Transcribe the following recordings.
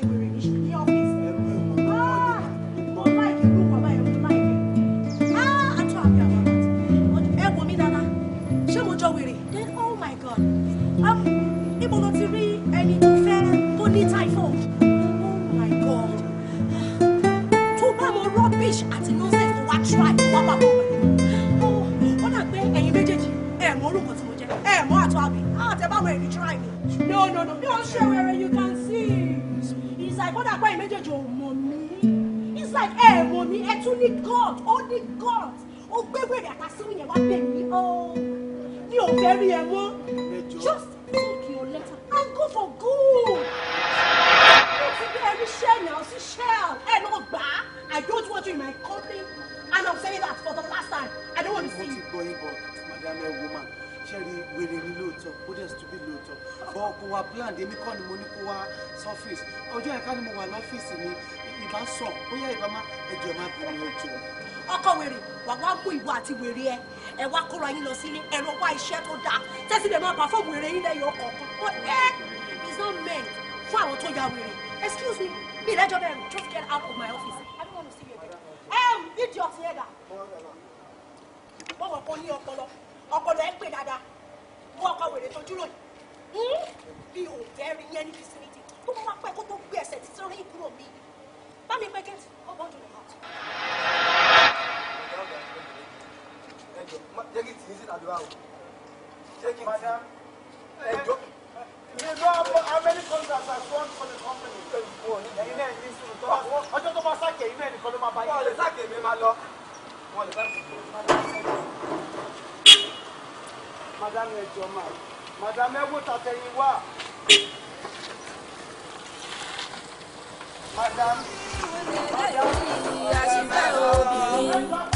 she will jẹ́ kí tìyín sí tàbí wa o jẹ́ kí madam ẹjọ́. You know how many contracts I want for the company? Ẹ̀yin náà ní sùn tó. Ọjọ́ tó bá sáàkì ẹ̀yin náà nìkan ló máa bá yín. Wọ́n lè sáàkì èmi máa lọ. Wọ́n lè sáàkì èmi máa lọ. Madam ẹjọ́ máa. Madam ẹ wò tàtẹ̀yìn wá. Madam. Ọ̀dọ́ mi ni àṣìfẹ́ obìnrin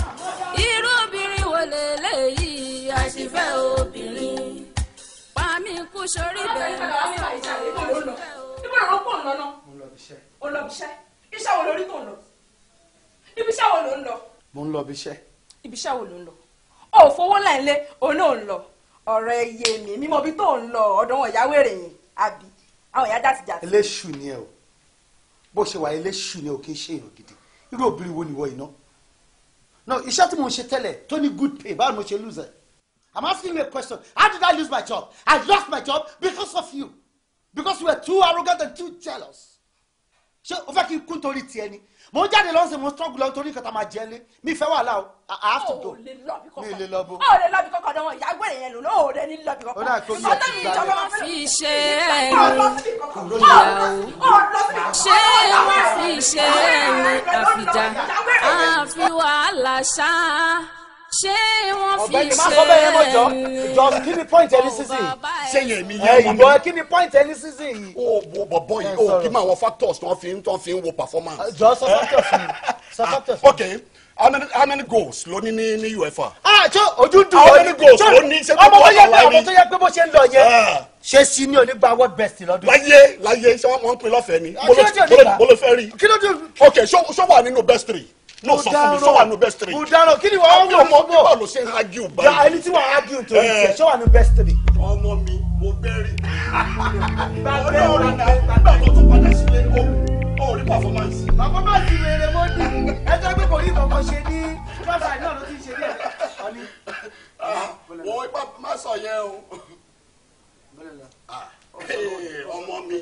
lélẹ́yìí àṣìfẹ́ obìnrin pàmí kú sórí bẹ́ẹ̀ níbo ló kó ń lọ náà mo ń lọ ibiṣẹ́ ó lọ ibiṣẹ́ iṣẹ́ wo lórí tó ń lọ ibiṣẹ́ wo ló ń lọ. mo ń lọ ibiṣẹ́. ibiṣẹ́ wo ló ń lọ o ò fowó ńlá ilé òun náà ń lọ ọ̀rọ̀ ẹyẹ mi mímọ ibi tó ń lọ ọ̀dọ̀ wọn ìyáwó èrè yìí àbí àwọn ìyá jáde jáde. eléṣù ni ẹ o bó ṣe wà eléṣù ni o kì í ṣe èèyàn gidi irú òbí wo ni ìwọ yìí no iṣẹ́ tí mo ṣe tẹ́lẹ̀ tó ní good pay báwo mo ṣe lose it i'm asking you a question how did i lose my job i lost my job because of you because you were too arrogant and too jealous ṣé o fẹ́ kí n kú torí tiẹ̀ ni mo jáde lọ sí mo struggle lọ torí nǹkan tá a máa jẹ ní mi fẹ́ wàhálà o i have to go oh, mi lè lọ bó. o oh, lè lọ bí kankan dánwò ìyá gbèrè yẹn lòlò o oh, lè ní lọ bí kankan. ọ̀tá mi ìjọba máa fi ṣe é ní ìyàwó ṣé wọ́n fi ṣe é ní àfi wàhálà ṣáá ṣé wọ́n fi ṣe é ọ̀gbẹ́ni má sọ bẹ́ẹ̀ yẹn mọ́ jọ jọ kí ni point ẹni sísìn ṣé yẹn mi yẹn wọn ìbọn kí ni point ẹni sísìn o wo bọ̀bọ̀ yìí o kí máa wọ factors performance. jọ sọ factors mi sọ ah, okay how many how many goals ló ní ní ní uefa. ah jọ ojú dùn how many goals ló ní ṣe gbogbo ọ̀la ni ọmọ tó yẹ pé bó ṣe ń lọ yẹn ah. ṣe sí ní onígbà world best lọ́dún. láyé láyé ṣé wọ́n ń pin lọ́fẹ̀ẹ́ ni. Ah, mo ló fẹ́ rí. kí ló dé. ok ṣó wà nínú best three no sọ fún mi sọ wà ní best three. mo dáràn kí ni wàá wọ ọmọ mi bọ́ọ̀lù ṣe ń argue báyìí. ya ẹni tí wàá argue torí eh. wà ní best three. ọmọ mi mo bẹ́rì. ọ̀rẹ́ ọ̀rẹ́ náà nígbà tó tún padà sílé ó rí performance. performance rere mo ní ẹjọ́ pé kò rí ìkọ̀kọ̀ ṣe ní kọ́sà náà ló ti ṣe ní ẹ̀ka. Ah, wọ́n má sọ yẹn o. Ah, eh, ọmọ mi.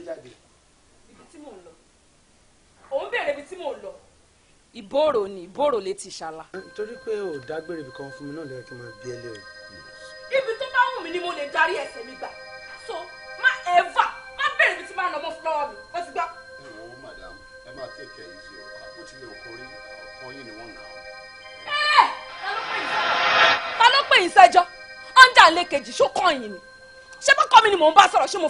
ìbòrò ni ìbòrò lè ti ṣàlà. nítorí pé ò dágbére ibì kan fún mi náà lẹ́yìn kí n máa bí ẹ lẹ́yìn. ibi tó bá wù mí ni mo lè darí ẹsẹ̀ mi gbà so má ẹ̀fà má bẹ̀rẹ̀ ibi tí máa nà ọmọ fún lọ́wọ́ mi wọ́n ti gbá. ẹ madam ẹ máa tẹ̀kẹ̀ yìí sí o àpò tí mi ò kọrí ọkàn yìí ni wọ́n nà á. ẹ eh! ta ló pè yín sẹ́jọ́ ọ̀ndà ilé kejì ṣó kàn yín ni ṣé bá kọ́ mi ni mò ń bá sọ̀rọ̀ ṣé mo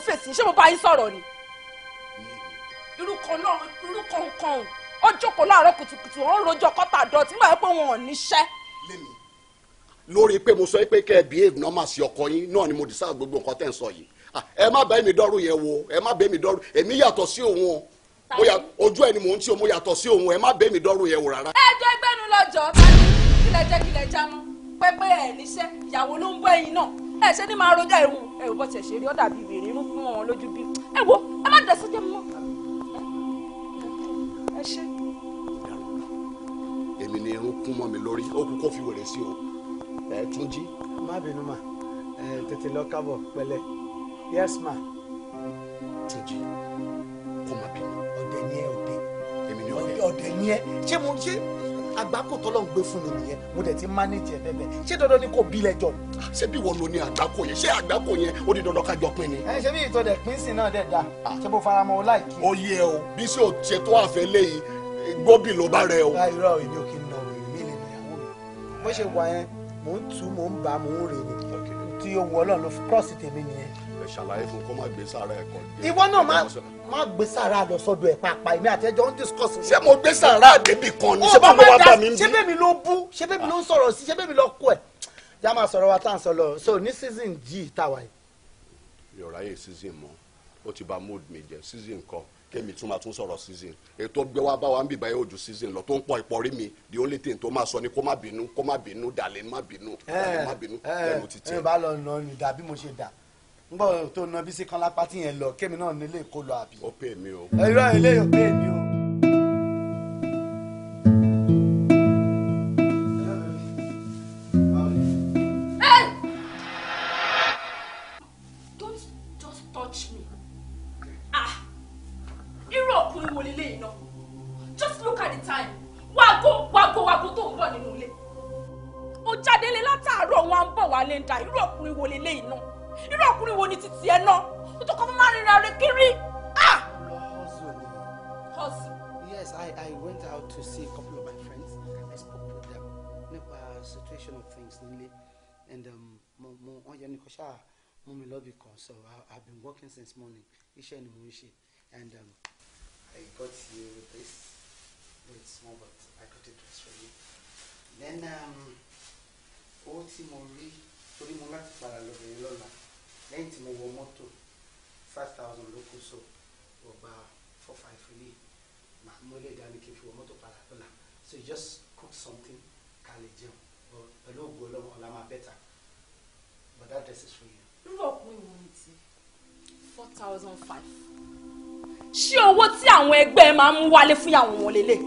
ó jókòó láàárọ̀ kùtùkùtù ó ń rojọ́ kọ́tà dọ̀tí nígbà pé wọn ò níṣẹ́. lémi lórí pé mo sọ pé kẹ́ ẹ behave normal sí ọkọ yín náà ni mo decide gbogbo nǹkan tẹ́ ń sọ yìí ẹ má bá mi dọ́rù yẹn wo ẹ má bá mi dọ́rù èmi yàtọ̀ sí òun o ojú ẹ ni mò ń tí o mo yàtọ̀ sí òun ẹ má bá mi dọ́rù yẹn wò rárá. ẹ jọ ẹgbẹ́nu lọ́jọ́ tani kílẹ̀ jẹ́ kílẹ̀ jánu pépé ẹ̀ níṣẹ́ ìyàwó ló ń bọ́ náà ẹ ṣe ni máa rojọ́ ẹ̀rù ẹ̀rù bọ́ tẹ̀ ṣe rí ọ́ dàbí ìwé rírun fún wọn lójú bí ẹ wo ẹ má dẹ̀ sọ́jọ́ mọ́ ẹ ṣe. èmi ni irun kún mọ́ mi lórí ó kú kó fi wèrè sí o ẹ tún jí. má bínú mà ẹ tètè lọ kábọ̀ pẹ̀lẹ́ yes ma. tún jí kó má bínú. ọ̀dẹ̀ ni ẹ ọ̀dẹ̀. èmi ni ọ̀dẹ̀. ọ̀dẹ̀ ni ẹ ṣé mo ṣe àgbákò tọ́lọ́ ń gbé fún mi nìyẹn mo dẹ̀ ti manage ẹ̀ bẹ́ẹ̀ ṣé dandan ni kò bí lẹ́jọ́ ni. Ah, ṣé bí wọn lo ni àgbákò yẹn ṣé àgbákò yẹn ó di dandan kájọ pin ni. ẹ ṣe bí ìtọ́ dẹ̀ pín sí náà dẹ̀ da ah. ṣé bó fara mọ́ ọ láìkí. ó yẹ o bí ṣé o ṣe tó àfẹ́ léyìí gbóbì ló bá rẹ o. láìrọ ah, èmi ò kí ń nà òrì mi lè nìyàwó mi bó ṣe wà yẹn mò ń tù mò ń bà mò ń rè ni tí ó ọlọ́run ló fi cross tèmi nìyẹn ẹ ṣàlàyé fún kó má gbé sára ẹ kàn ìwọ náà má má gbé sára lọ sọ́dọ̀ ẹ pàápàá èmi àti ẹjọ ń discuss. ṣé mo gbé sára débi kan ni ṣé báwo wá bá mi bí. ṣé bẹ́ẹ̀ mi ló bú ṣé bẹ́ẹ̀ mi ló ń sọ̀rọ̀ sí ṣé bẹ́ẹ̀ mi ló kú ẹ̀. já máa sọ̀rọ̀ wa tá à ń sọ lọ so ní season g tá a wà yìí. yọ̀rá yẹ season mọ́ ó ti ba mood mi jẹ́ season kan kémi tún máa tún sọ̀rọ̀ season ètò gbé wá bá wa ń bì báyìí ojú season lọ tó ń pọ̀ ìpọ́rí mi the only thing tó máa sọ ni kó má bínú kó má bínú dàlẹ́ má bínú eh, dàlẹ́ má bínú eh, lẹ́nu títí. ẹ ẹ bá lọ nà ni dàbí mo ṣe dà ń bọ̀ tó na bí kan lápá tí yẹn lọ kémi náà nílé kó lọ àbí. ó pè mí o. ẹ̀rọ ilé yóò pè mí o. so I, I've been working since morning iṣẹ́ ni mo and um, I got you this It's small but I got a dress for you then owó um, tí mo rí torí mo láti padà lọ́bìnrin lọ́la lẹ́yìn tí five thousand ló so ọgbà four five rí màá mú ilé ìdáni paralola. so you just cook something ká lè jẹun pẹ̀lú ògùn ọlọ́run ọ̀la máa bẹ́ta but that dress is ṣé owó tí àwọn ẹgbẹ́ máa ń wálé fúnyàwó wọn lélẹ̀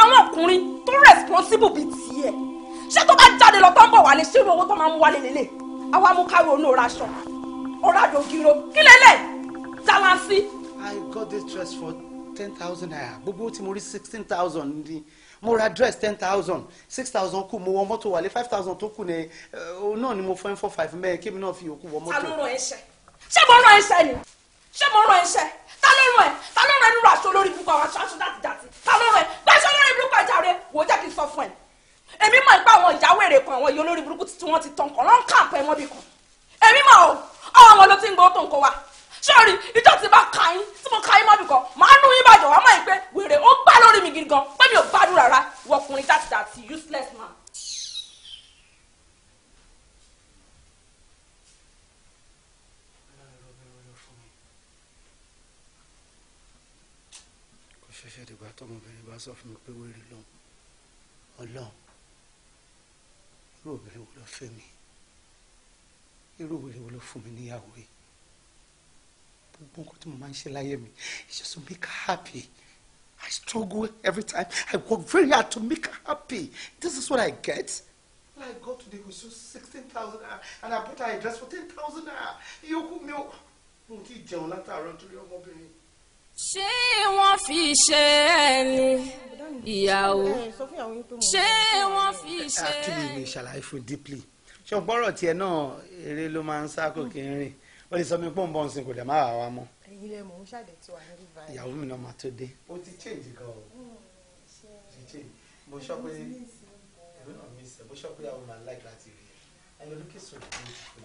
àwọn ọkùnrin tó responsible bíi tiẹ̀ ṣé tó bá jáde lọ tó ń bọ̀ wálé ṣé owó tó máa ń wálé lélẹ̀ àwa mú káwé aṣọ ọ̀rá àdògiro kí lélẹ̀ jalansi. I got this dress for ten thousand naira gbogbo tí mo rí sixteen thousand ni mo ra dress ten thousand six thousand kù mo wọ mọ́tò wálé five thousand tó kù ní eh, náà ni mo fẹ́ four five mẹ́ẹ̀ kí mi náà fi yòókù wọ mọ́tò. ta ló rán ẹ ṣe ṣé mo rán ẹṣẹ ni ṣé mo rán ẹṣẹ ta ló rán ẹ ta ló rán ẹnu rà aṣọ lórí ibùkún àwọn aṣọ aṣọ láti dàtí ta ló rán ẹ gbàṣọ lórí ibùkún ẹja rẹ wò ó jẹ́ kí n sọ fún ẹ èmi mọ̀ nípa àwọn ìyàwó èrè kan àwọn ìyá olórí burúkú tí wọ́n ti tán kan lọ́n kàǹpù ẹ̀wọ̀n bì kan èmi mọ̀ o ọ̀rọ̀ àwọn ló ti ń gbọ́ tó nǹkan wa sọ́ọ̀rì ìjọ ti bá ka yín tí mo ka yín mọ́bì kan màá nú yín bàjọ́ wàá mọ̀ yín pé wèrè ó gbá lórí mi gidi gan pé mi ò gbádùn rárá ìwọkùnrin dátidàti useless man. sọ fún mi pé wérí lòun ọlọ́run irú obìnrin wo ló fẹ́ mi irú obìnrin wo ló fún mi níyàwó yìí gbogbo nǹkan tí mo máa ń ṣe láyé mi it's just make her happy I struggle every time I work very hard to make her happy this is what I get. I go to the you sixteen thousand naira and I bought her a dress for ten thousand naira. Yóò kú mi ò. Mo ti jẹun látàárọ̀ nítorí ọmọbìnrin ṣé wọ́n fi ṣe ẹ́ ni ìyàwó ṣé wọ́n fi ṣe ẹ́ ni. actually mi ṣàlàyé fún deeply ṣọgbọ́rọ̀ tiẹ̀ náà eré ló máa ń sá kò kí n rìn ó lè sọ mi pọ́n bọ́n sin kò dẹ̀ má wà wá mọ́. ẹ̀yin lẹ mọ ń ṣàdẹ̀tò àná bíbá yìí. ìyàwó mi náà máa tó dé. o ti change gan o mm, ti change mo sọ pé ìlú náà mi sẹ mo sọ pé àwọn máa like láti rí ẹ lọ lókè sọ̀rọ̀ ní ìṣòro.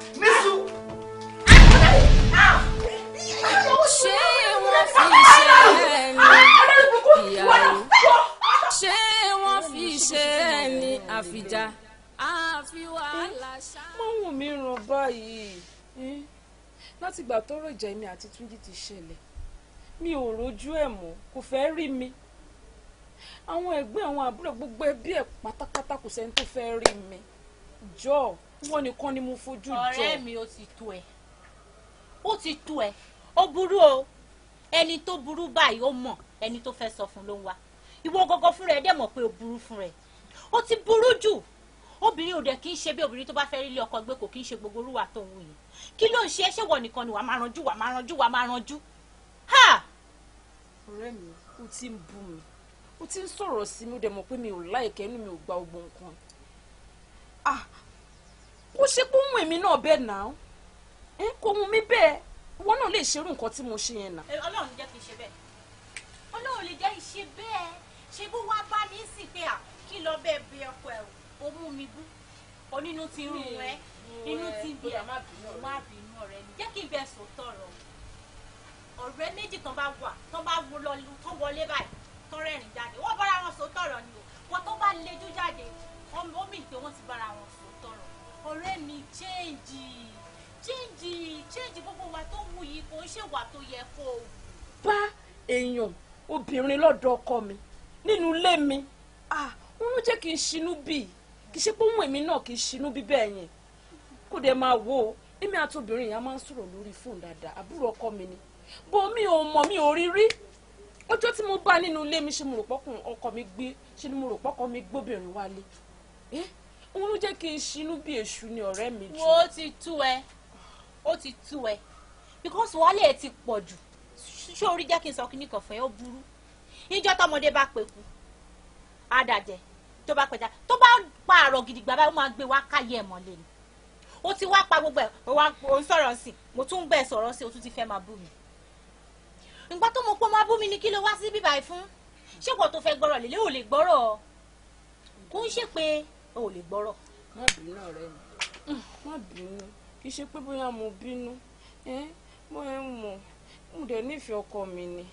Misu. Ṣé wọ́n fi ṣe ẹ̀ ní ìyàwó? Ṣé wọ́n fi ṣe ẹ̀ ní àfijá? Àfi wàhálà ṣá. Mọ wù mí ràn báyìí. Láti ìgbà tọ́rọ̀ ìjà èmi àti Túnjí ti ṣẹlẹ̀, mi ò rojú ẹ̀ mọ́, kò fẹ́ rí mi àwọn ẹgbẹ́ àwọn àbúrò gbogbo ẹbí ẹ̀ pátápátá kò sẹ́ni tó fẹ́ rí mi jọ wọ́n nìkan ni mo fojú jọ. ọ̀rẹ́ mi ó ti tó ẹ̀ ó ti tó ẹ̀ ó burú o ẹni tó burú báyìí ó mọ̀ ẹni tó fẹ́ sọ fún ló ń wá ìwọ gọ́gọ́ fún rẹ̀ dẹ̀ mọ̀ pé ó burú fún rẹ̀ ó ti burú jù obìnrin ò dẹ̀ kí n ṣe bí obìnrin tó bá fẹ́ rí ilé ọkọ gbé kò kí n ṣe gbogbo orúwà tó ń wù yìí kí ló ń ṣe ṣé wọ nìkan ni wàá máa ranjú wàá máa ranjú wàá máa ranjú. ọ̀rẹ́ mi ó ti ń bú mi ó ti ń sọ̀rọ̀ sí mi ó dẹ̀ mọ̀ pé mi ò láìkẹ́ inú mi ò gba ogbon nǹkan ah! kó ṣe kó mú èmi náà bẹ́ẹ̀ náà ẹ kó mú mi bẹ́ẹ̀ wọn náà lè ṣerú nǹkan tí mo ṣe yẹn náà. ọlọ́run jẹ́ kí n ṣe bẹ́ẹ̀ ọlọ́run lè jẹ́ ìṣe bẹ́ẹ̀ ṣe bó wá bá ní sí pé à kí lọ bẹ́ẹ̀ bí ọkọ ẹ̀ o mú mi bú onínú ti rún rẹ inú ti bí ẹ má bínú ọ̀rẹ́ ni jẹ́ kí n bẹ sòótọ́ rọ ọ̀rẹ́ méjì tán bá wà tán bá wọ lọ tán wọlé báyìí tán rẹ́rìn jáde wọ́n bára wọn sòótọ́ rọ ni o wọ́n tó bá lejú jáde wọ́n mì pé wọ́n ti bára wọn sọ ọ̀rẹ́ mi change change change gbogbo wa tó wù yìí kò ń ṣèwà tó yẹ kó o. bá èèyàn obìnrin lọ́dọ̀ ọkọ mi nínú ilé mi òun jẹ́ kí n ṣinú bì kì í ṣe pé òun èmi náà kì í ṣinú bí bẹ́ẹ̀ yẹn kó dẹ̀ máa wò ó èmi àti obìnrin yẹn a máa ń sọ̀rọ̀ lórí fóònù dáadáa àbúrò ọkọ mi ni bó mi ò mọ̀ mi ò rí rí ọjọ́ tí mo bá nínú ilé mi ṣe mo rò pọ́kùn ọkọ mi gbé ṣe ni mo rò pọ́kọ mi gbóbìnrin wálé òun ló jẹ́ kí n ṣinú bí èṣù ni ọ̀rẹ́ mi jù. wo ti tú ẹ ó ti tú ẹ because wàhálà ẹ ti pọ̀ jù ṣé orí jẹ́ kí n sọ kí nìkan fún ẹ ó burú níjọ́ tọmọdé bá peku àdàjẹ tó bá pẹja tó bá pa àrọ̀ gidi gbàgbà ó máa gbé wá káyé ẹ̀ mọ́lẹ̀ ni ó ti wá pa gbogbo ẹ̀ ó ń sọ̀rọ̀ sí mo tún ń bẹ̀ sọ̀rọ̀ sí o tún ti fẹ́ máa bú mi ìgbà tó mo pọ́ máa bú mi ni kí ló wá sí bíbáyìí fún ṣé kò tó fẹ́ gbọ́rọ̀ lélẹ́ ò lè gbọ́rọ̀ kò ń ṣe pé o ò lè gbọ́rọ̀. má bínú ọ̀rẹ́ mi mm, má bínú kì í ṣe pé bóyá mo bínú mo ẹ mọ mo dẹ̀ nífẹ̀ẹ́ ọkọ mi ni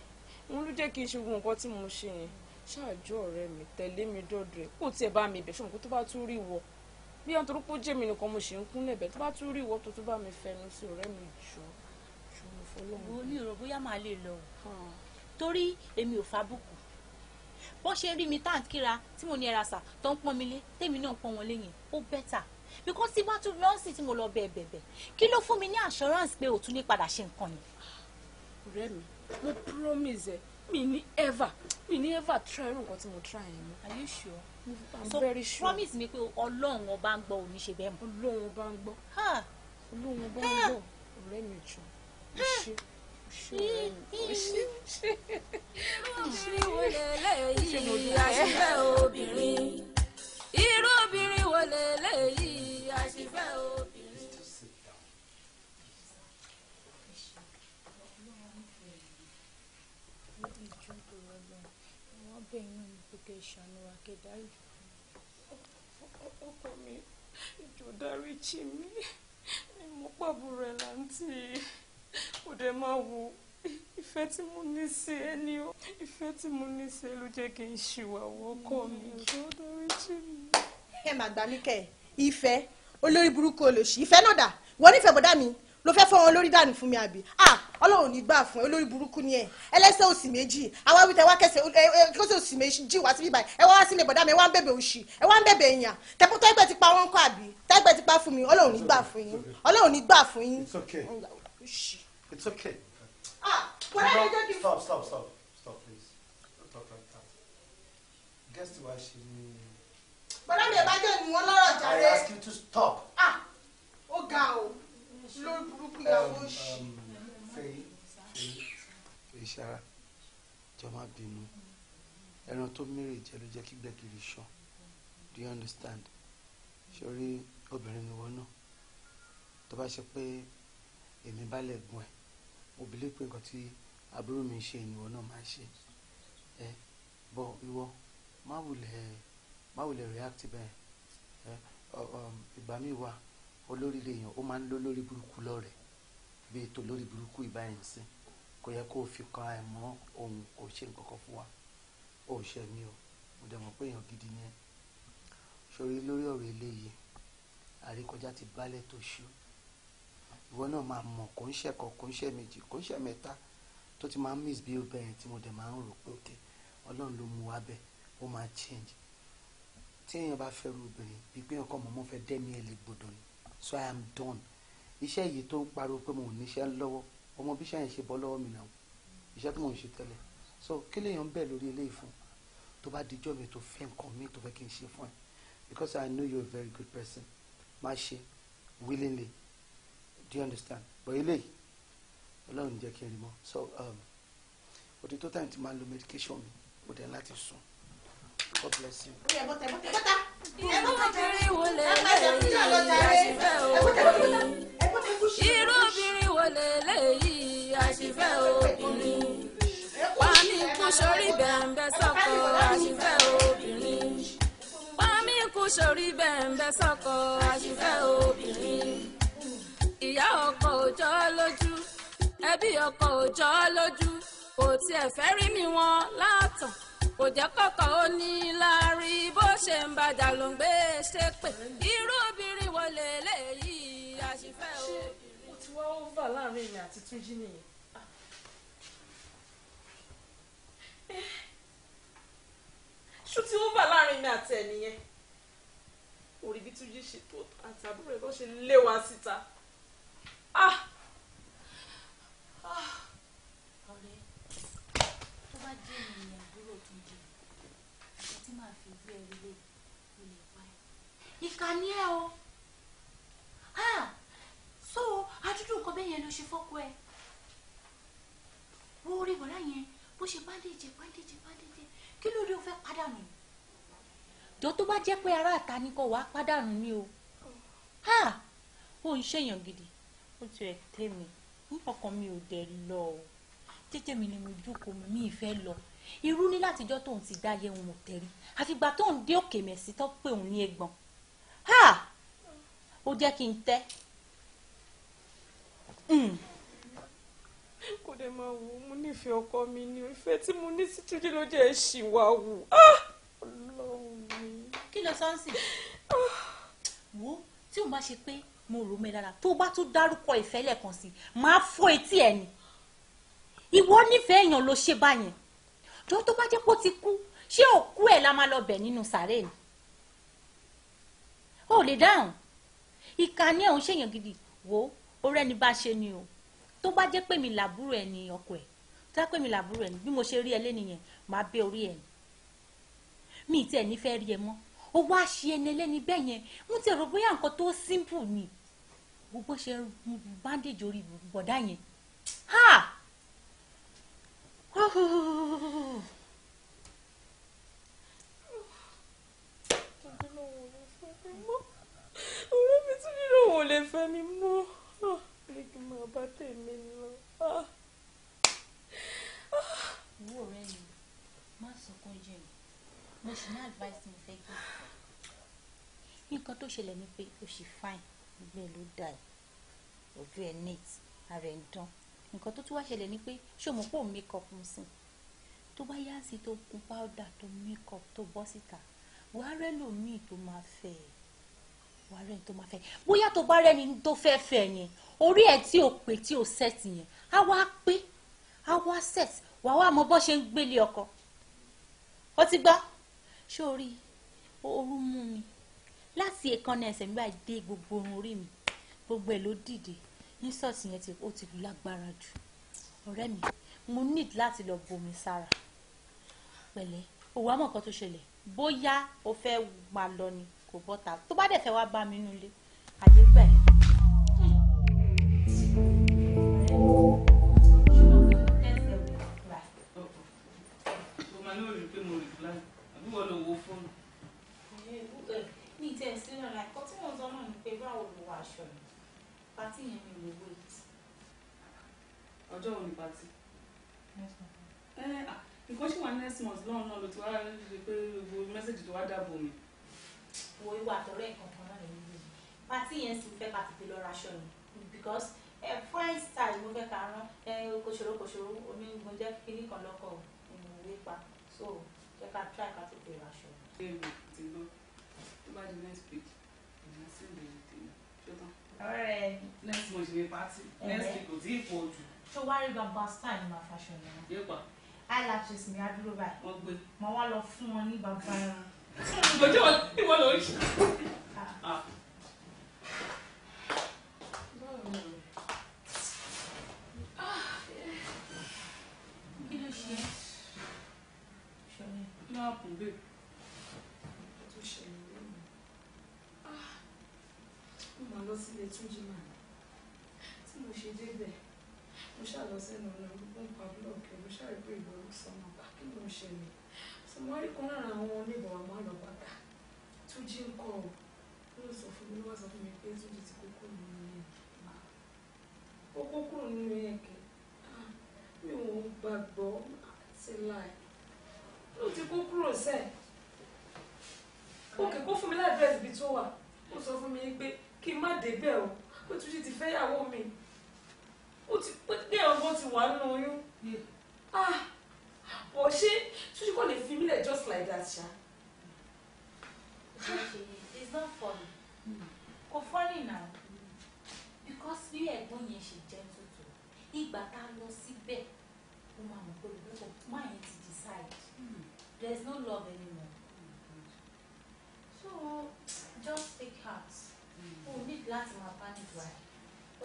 òun ló jẹ́ kí n ṣe gbogbo nǹkan tí mo ṣe yẹn ṣáàjú ọ̀rẹ́ mi tẹ̀lé mi dọ́dọ̀ ẹ̀ kò tiẹ̀ bá mi bẹ̀ ṣùgbọ́n kó tó bá tún rí wọ bí wọn torí pé ó jẹ́ mi nìkan mo ṣe ń kún lẹ̀bẹ̀ tó bá tún rí wọ tó tún bá mi fẹnu sí ọ̀rẹ́ mi jù ṣùgbọ́n fọlọ́run. mo ní ìrò bóyá lè lọ torí èmi ò fàbùkù bọ́n ṣe rí mi táǹtì kíra tí mo ní ẹra sà tó ń pọ́n mi lé tèmi náà pọ́n wọn léyìn ó bẹ́tà because tí bá tún lọ sí tí mo lọ bẹ̀ bẹ̀bẹ̀ kí ló fún mi ní assurance pé òtún ní padà ṣe nǹkan yẹn. ọ̀rẹ́ mi mo promise ẹ mi ní ever mi ní ever try irú nǹkan tí mo try yẹn mọ́. are you sure? i'm so, very sure. so promise mi pé ọlọ́run ọba ń gbọ́ òní ṣe bẹ́ẹ̀ mọ́. ọlọ́run ọba ń gbọ́ ọlọ́run ọba ń gbọ́ ọ̀rẹ́ mi jù ú ṣe irú wo lè léyìí àṣìfẹ́ obìnrin. wọ́n bẹ̀ yín ní gbogbo ìṣàánú akédarí. ọkọ mi ìjọ dáríjì mi mo pàbùrẹ̀ láǹtì kò dé máa wo ìfẹ́ tí mo ní sí ẹ ní o ìfẹ́ tí mo ní sí ẹ ló jẹ́ kí n ṣìwàwọ́ ọkọ mi jọ dárí jì mí. ẹ máa gbà mí kẹ ìfẹ́ olórí burúkú olòṣì ìfẹ́ náà dà wọ́n nífẹ̀ẹ́ bọ̀dá mi ló fẹ́ fọ́n olórí dànù fún mi àbí ah ọlọ́run ní gbà fún olórí burúkú ni ẹ ẹlẹ́sẹ̀ òsì méjì àwa wíta ẹ wá kẹsẹ̀ ẹ kẹsẹ̀ òsì méjì wá síbí báyìí ẹ wá wá sílé bọ̀dá mi ẹ wá ń bẹ̀bẹ̀ òṣì ẹ ń bẹ̀bẹ̀ èèyàn tẹ́pẹ́ tẹ́gbẹ́ ti pa wọ́n kọ́ àbí tẹ́gbẹ́ ti pa fún mi ọlọ́run ní gbà fún yín ọlọ́run ní gbà fún yín. It's okay. Ah, what are have you done before? Stop, stop, stop. Stop, please. Don't talk like that. Guess why she... But I'm about to jẹ́ ìwọ̀n lọ́rọ̀ I ask you to stop. Ah, oh God! o. Lórí burúkú ìyàwó ṣì. Fèyí, Fèyí, Fèyí Ṣara, jọ̀ọ́ má bínú. Ẹran tó mérè jẹ ló jẹ́ kí gbẹ̀gìrì ṣan. Do you understand? Ṣorí obìnrin ni wọ́n náà. Tó bá ṣe pé èmi bá lè gun ẹ̀ mo believe pé nǹkan tí àbúrò mi ṣe ìwọ náà máa ṣe ẹ bọ ìwọ má wulẹ̀ má wulẹ̀ react bẹ́ẹ̀ ẹ ìgbà mi wà olórí lèèyàn ó máa ń lọ lórí burúkú lọ́rẹ̀ bí ètò lórí burúkú ìbá yẹn sí kò yẹ kó o fi kan ẹ mọ́ òun kò ṣe nǹkan kan fún wa ó ṣe mí o mo dẹ̀ mọ̀ pé èèyàn gidi ni ẹ sori lórí ọ̀rọ̀ eléyìí àríkọjá ti bálẹ̀ tó ṣú ìwọ náà máa mọ̀ kò ń ṣe kan kò ń ṣe méjì kò ń ṣe mẹ́ta tó ti máa ń miss bí obìnrin tí mo dẹ̀ máa ń rò pé òkè ọlọ́run ló mú wa ó máa change tí èèyàn bá fẹ́ obìnrin bíi pé ọkọ mọ̀mọ́ fẹ́ dẹ́mi ẹ̀ lè gbọdọ̀ ni so i am done iṣẹ́ yìí tó ń pariwo pé mo ò níṣẹ́ lọ́wọ́ ọmọ bí iṣẹ́ ṣe bọ́ lọ́wọ́ mi náà iṣẹ́ tí mo ń ṣe tẹ́lẹ̀ so kí lèèyàn ń bẹ̀ lórí eléyìí fún tó bá dijọ́ mi tó fẹ́ nǹkan mi tó fẹ́ kí n ṣe fún ẹ because i know you are a very good person má ṣe willingly do you understand but eléyìí ọlọ́run ní jẹ́ kí n rí mọ́ so òtítọ́ um, time ti máa lo medication mi ó dẹ̀ láti sùn God bless you. ó yẹ bọ́tà bọ́tà bọ́tà ẹ bọ́tà jẹrẹ ìwọ lè léyìí àṣìfẹ́ o irú obìnrin wo lè léyìí àṣìfẹ́ obìnrin pàmí kú sórí bẹ̀ǹbẹ̀ sọ́kọ àṣìfẹ́ obìnrin pàmí kú sórí bẹ̀ǹbẹ̀ sọ́kọ àṣìfẹ́ obìnrin ìyá ọkọ òjọ́ lójú ẹbí ọkọ òjọ́ lójú kò tiẹ̀ fẹ́ rí mi wọn látàn kò jẹ́ kọ́kọ́ ó ní láárí bó ṣe ń bàjá ló ń gbé ṣe pé irú obìnrin wo lè léyìí àṣìfẹ́ o. ṣé o ti wá ọ́fà láàrin èmi àti túnjí nìyẹn. ṣó ti ọ́fà láàrin èmi àti ẹ̀ nìyẹn orí bí túnjí ṣe tó àtàbúrò ẹ̀ bó ṣe lé wa síta ọ̀rẹ́ tó bá jẹ́ ènìyàn àbúrò tó jẹ àṣà tí màá fi gbé ẹrú lé o lè pa ẹ. ìkà ni ẹ o so adúdú nǹkan bẹ́ẹ̀ yẹn ló ṣe fọ́kọ ẹ wo orí bọ̀dá yẹn bó ṣe báńdéèjì báńdéèjì báńdéèjì kí ló dé o fẹ́ pàdánù jọ tó bá jẹ́ pé ará àta ni kò gidi ó tiẹ̀ tẹ́ mi ọkàn mi ò dẹ̀ lọ o títẹ̀ mi ni mo jókòó mi mi ìfẹ́ lọ irú ní látijọ́ tóun ti dáyé òun ò tẹ̀rí àfìgbà tóun dé òkè mẹ̀sí tó pé òun ní ẹ̀gbọ́n ha ó jẹ́ kí n tẹ́. Hmm. kò dé máa wò ó mo nífẹ̀ẹ́ ọkọ mi ni ìfẹ́ tí mo ní sí títí ló jẹ́ ṣìwà wù ah! ọlọ́run mi. kí ló sọ ah! wo tí o bá ṣe pé mo rò mí lára tó bá tún dárúkọ ìfẹ́ lẹ́ẹ̀kan sí máa fọ etí ẹ̀ ni ìwọ nífẹ̀ẹ́ èèyàn ló ṣe báyẹn jọ tó bá jẹ́ pé ó ti kú ṣé òkú ẹ̀ la máa lọ bẹ̀ nínú sàárè ni ó lè dáhùn ìkànnì ẹ̀ ń ṣèyàn gidi wo orí ẹni bá ṣe ni o tó bá jẹ́ pé mi làbúrò ẹ̀ ní ọkọ ẹ̀ tó bá pé mi làbúrò ẹ̀ ní bí mo ṣe rí ẹ lẹ́nìyẹn máa bẹ́ orí ẹ̀ mi ì tẹ̀ nífẹ̀ẹ́ rí ẹ mọ́ ó wá ṣe ẹlẹ́ni bẹ́ẹ̀ yẹn mo ti rò bóyá nǹkan tó simple ni gbogbo ṣe bandage orí bọ̀dá yẹn ha ọ̀rẹ́ mi tún nílò òun lè fẹ́ mi mọ́ ní ah, máa bá tèmi lọ. Ah. Ah. owó ọ̀rẹ́ mi má sọkún jẹ mi mo sì ní advice mo fẹ́ gbé nǹkan tó ṣẹlẹ̀ ni pé o ṣì fine gbogbo ẹ̀ ló dà ẹ̀ ojú ẹ̀ neat ara ẹ̀ ń dán nǹkan tó tún wá ṣẹlẹ̀ ni pé ṣé o mọ̀ pé òun make up ń sìn tó bá yá sí tó kun páódà tó make up tó bọ́ síta wàá rẹ́ lòmíì tó máa fẹ́ ẹ̀ wàá rẹ́ tó máa fẹ́ ẹ̀ bóyá tó bá rẹ́ni tó fẹ́ fẹ́ yẹn orí ẹ̀ tí ò pé tí ò set yẹn á wá pé á wá set wàá wá mọ bó ṣe ń gbélé ọkọ ó ti gbọ́ ṣé o rí oorun mú mi láti èékánná ẹsẹ̀ mi báyìí dé gbogbo orun orí mi gbogbo ẹ̀ ló dìde ní sọ́ọ̀tì yẹn tí ó ti lágbára jù ọ̀rẹ́ mi mo need láti lọ bomi sára pẹ̀lẹ́ òwò àmọ́ nǹkan tó ṣẹlẹ̀ bóyá o fẹ́ máa lọ ni kò bọ́ta tó bá dẹ̀ fẹ́ wá bá mi nílé àdégbà ẹ̀. bá rí bàbá style máa faṣọ yẹn eyelashes mi adúró báyìí mo wá lọ fún wọn ní bàbá ẹran. ìwọ ló ń ṣe.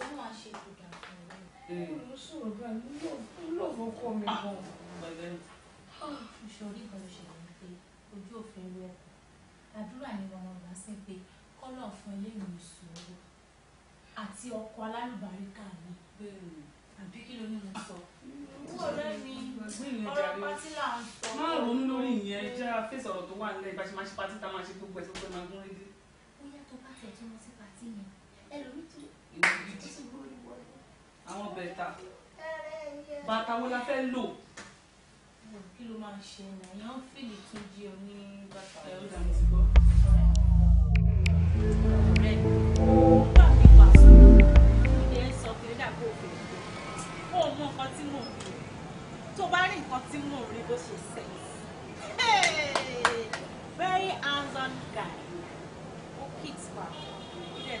Olúwa ṣe ìgbà fún mi. Mo sọ̀rọ̀ báyìí, mo lọ fọkọ mi gan. Ìṣòro ìgbà ló ṣẹlẹ̀ ni pé ojú òfin rẹ̀ àdúrà ni wọn ọ̀gá sí pé kọ́lọ̀ fún eléyìí sùúrù àti ọkọ alálùbáríkà mi. Àbí kí ló ní mo sọ? Ọ̀rẹ́ mi, ọ̀rọ̀ pátí là ń sọ. Má ronú lórí ìyẹn, já fèsì ọ̀rọ̀ tó wà nílẹ̀ ìbáṣe máa ṣe pátí tá máa ṣe gbogbo ẹ̀ tó pé máa gún régé. Ó yàtọ̀ bá tẹ̀ tó lọ sí pátí yẹn, ẹlòmíì ìwé gidi àwọn bẹ̀tà bàtà wo la fẹ́ lò. kí ló máa ń ṣe náà yàn fìlì tún jí o ní bàtà. ẹ ó ti gbọ́. very hands-on guy ó kìtìpá ó dẹ̀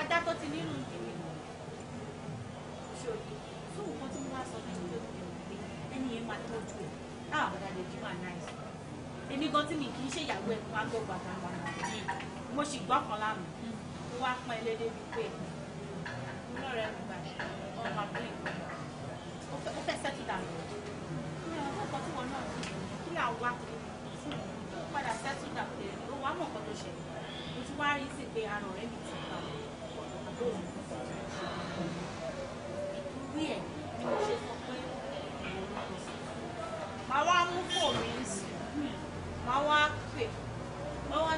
ajá tó ti nínú ìdílé ṣòye fún nǹkan tí mo wá sọ fún ìdílé òkè òkè ẹni yẹn máa tọ́jú ẹ̀ táwọn ah, àbọ̀dá lè jí máa náà ẹ̀sìn èmi gan tí mi kì í ṣèyàwó ẹ̀ fún agbó gbàgbà mo sì gbọ́ kan lánàá mo wá pọn ẹ lédè bíi pé inú rẹ̀ ń gbà ọmọ abúlé ó fẹ́ sẹ́tù dànù ní ọ̀rọ̀ nǹkan tí wọn náà ti kí là ń wá fún un padà sẹ́tù dànù ó wá mọ̀ nǹkan tó ṣẹlẹ̀ mo ti wá rí sí pé aràn rẹ̀ mi t ìwé ẹ̀ ló ṣe sọ pé màá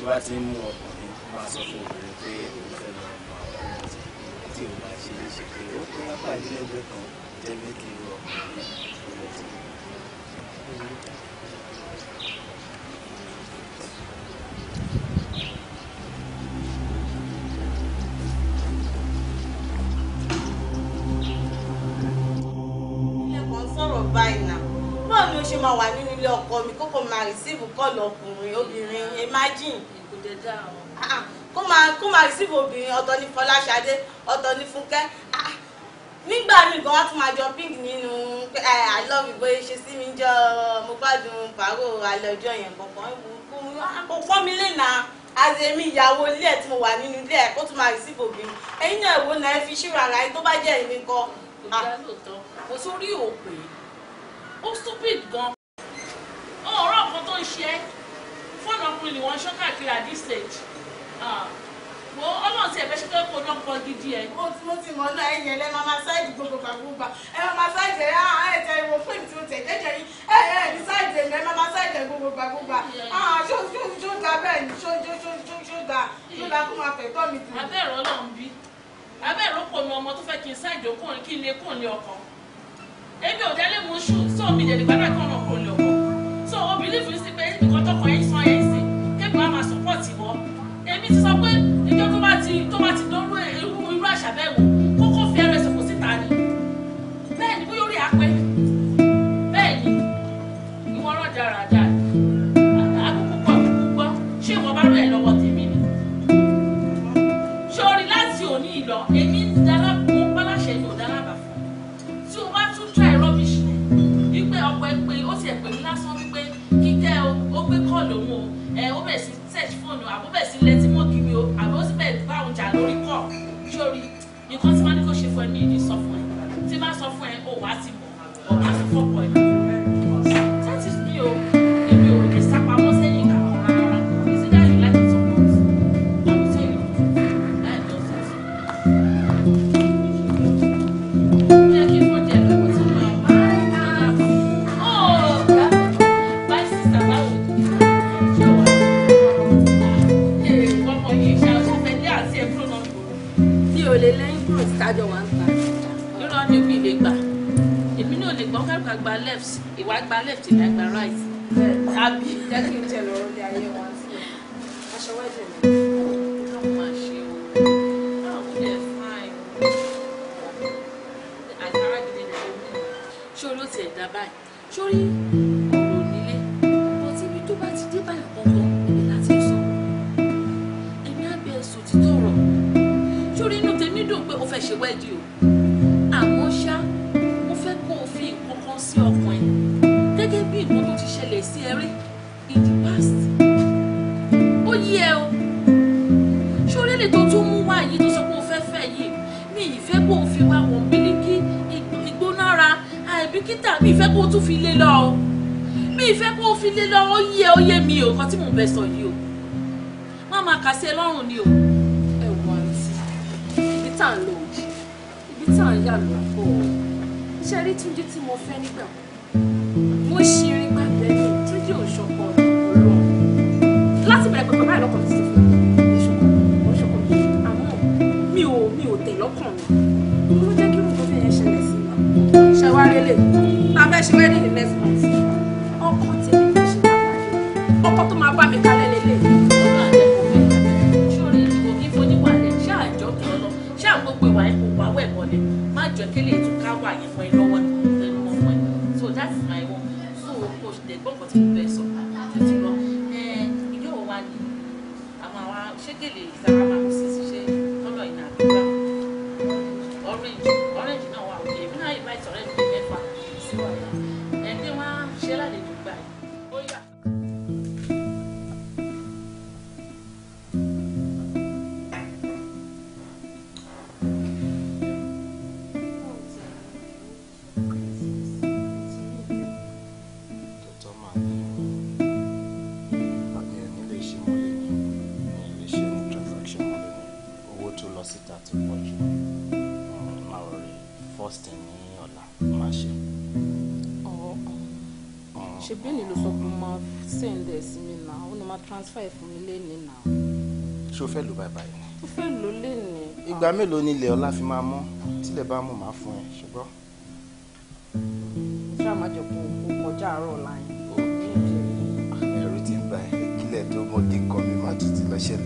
tí wàá ti ń mú ọkùnrin máa sọ fún obìnrin pé òun fẹ́ lọ mọ àwọn ọmọ tí òun máa ṣe é ṣe pé ó kó lápá ní kan jẹ́ méjì irú ọkùnrin ìlú ti. báyìí náà báwo ni o ṣe máa wà nínú mi kó kò máa receive kọ́ọ̀lù ọkùnrin obìnrin imagine. kò dé dá àwọn. Ah, ah, kó máa kó máa receive obìnrin ọ̀tọ̀ ní Fọláṣadé ọ̀tọ̀ ní Fúnkẹ́ ah, nígbà míì gan wá tún máa jọ pink nínú àlọ́ọ̀bì eh, bóyá ṣe sí mi jọ mo gbádùn bàárò alẹ́ ọjọ́ yẹn kankan kò pọ́n mi lè nà àzèmi ìyàwó ilé ẹ̀ tí mo wà nínú ilé ẹ̀ kó tún máa receive obìnrin ẹ̀yin náà èwo náà ẹ fi ṣírò ara yín tó bá jẹ́ èmi kan. kò dá lóòótọ́ mo tún rí òpè ó stupid gan nǹkan tó ń ṣe é fóònù ọkùnrin ni wọ́n ṣọ́ káàkiri at this stage ah, wo ọlọ́run ti ẹ̀fẹ́ ṣe pé kó náà pọ̀ gidi ẹ̀. mo ti mo ti mọ̀ náà ẹ̀yìn ẹ̀lẹ́ máa masáàjì gbogbo gbàgbọ́gbà ẹ̀ máa masáàjì ẹ̀ á ẹ̀jẹ̀ ìwò fíìmù tí mo tẹ̀ jẹ́jẹ́ yín ẹ̀ ẹ̀ ní sáàjì ẹ̀ máa masáàjì ẹ̀ gbogbo gbàgbọ́gbà ah, ṣó ṣó ṣó da bẹ́ẹ̀ ni ṣó ṣó ṣó ṣó ṣó da ṣó da kó máa fẹ̀tọ́ mi tì. abẹ́rẹ́ ọlọ́run bí abẹ́rẹ́ òpònú ọmọ tó fẹ́ kí n sáàjì o bìlífù sí pé nǹkan tọkọ yín sọ yẹn sí kébì wàá máa sọpọ́ọ̀tì wọ èmi ti sọ pé ìjọ tó bá ti tó bá ti dọ́rú irú àṣà bẹ́ẹ̀ wò fóònù òun o ẹ ó bẹ̀ sí search fóònù àbó bẹ̀ sí lẹ́tí mọ́ kiri o àbó sì bẹ̀ bá òun jà lórí kọ́ sórí nǹkan tí wọ́n ní kó ṣe fún ẹ mi ní sọ fún ẹ tí bá sọ fún ẹ ó wàá ti mọ̀ ọ̀ wàá ti fọ́pọ̀ ẹ. bẹ́ẹ̀ ló sọ pé mo máa send ẹ̀ sí mi náà ó ní máa transfer ẹ̀ fún mi lẹ́ni náà. ṣé o fẹ́ lò báyìí báyìí. mo fẹ́ lò lẹ́ni. ìgbà mélòó ni ilẹ̀ ọlá fi máa mọ́ tílẹ̀ bá mú màá fún ẹ ṣùgbọ́n. mo ṣáà máa jẹ kó o kọjá àárọ̀ ọ̀la yẹn. ẹ̀rù ti ń bà ẹ́ kílẹ̀ tó mọ́gí kan mi máa rẹ̀. obìnrin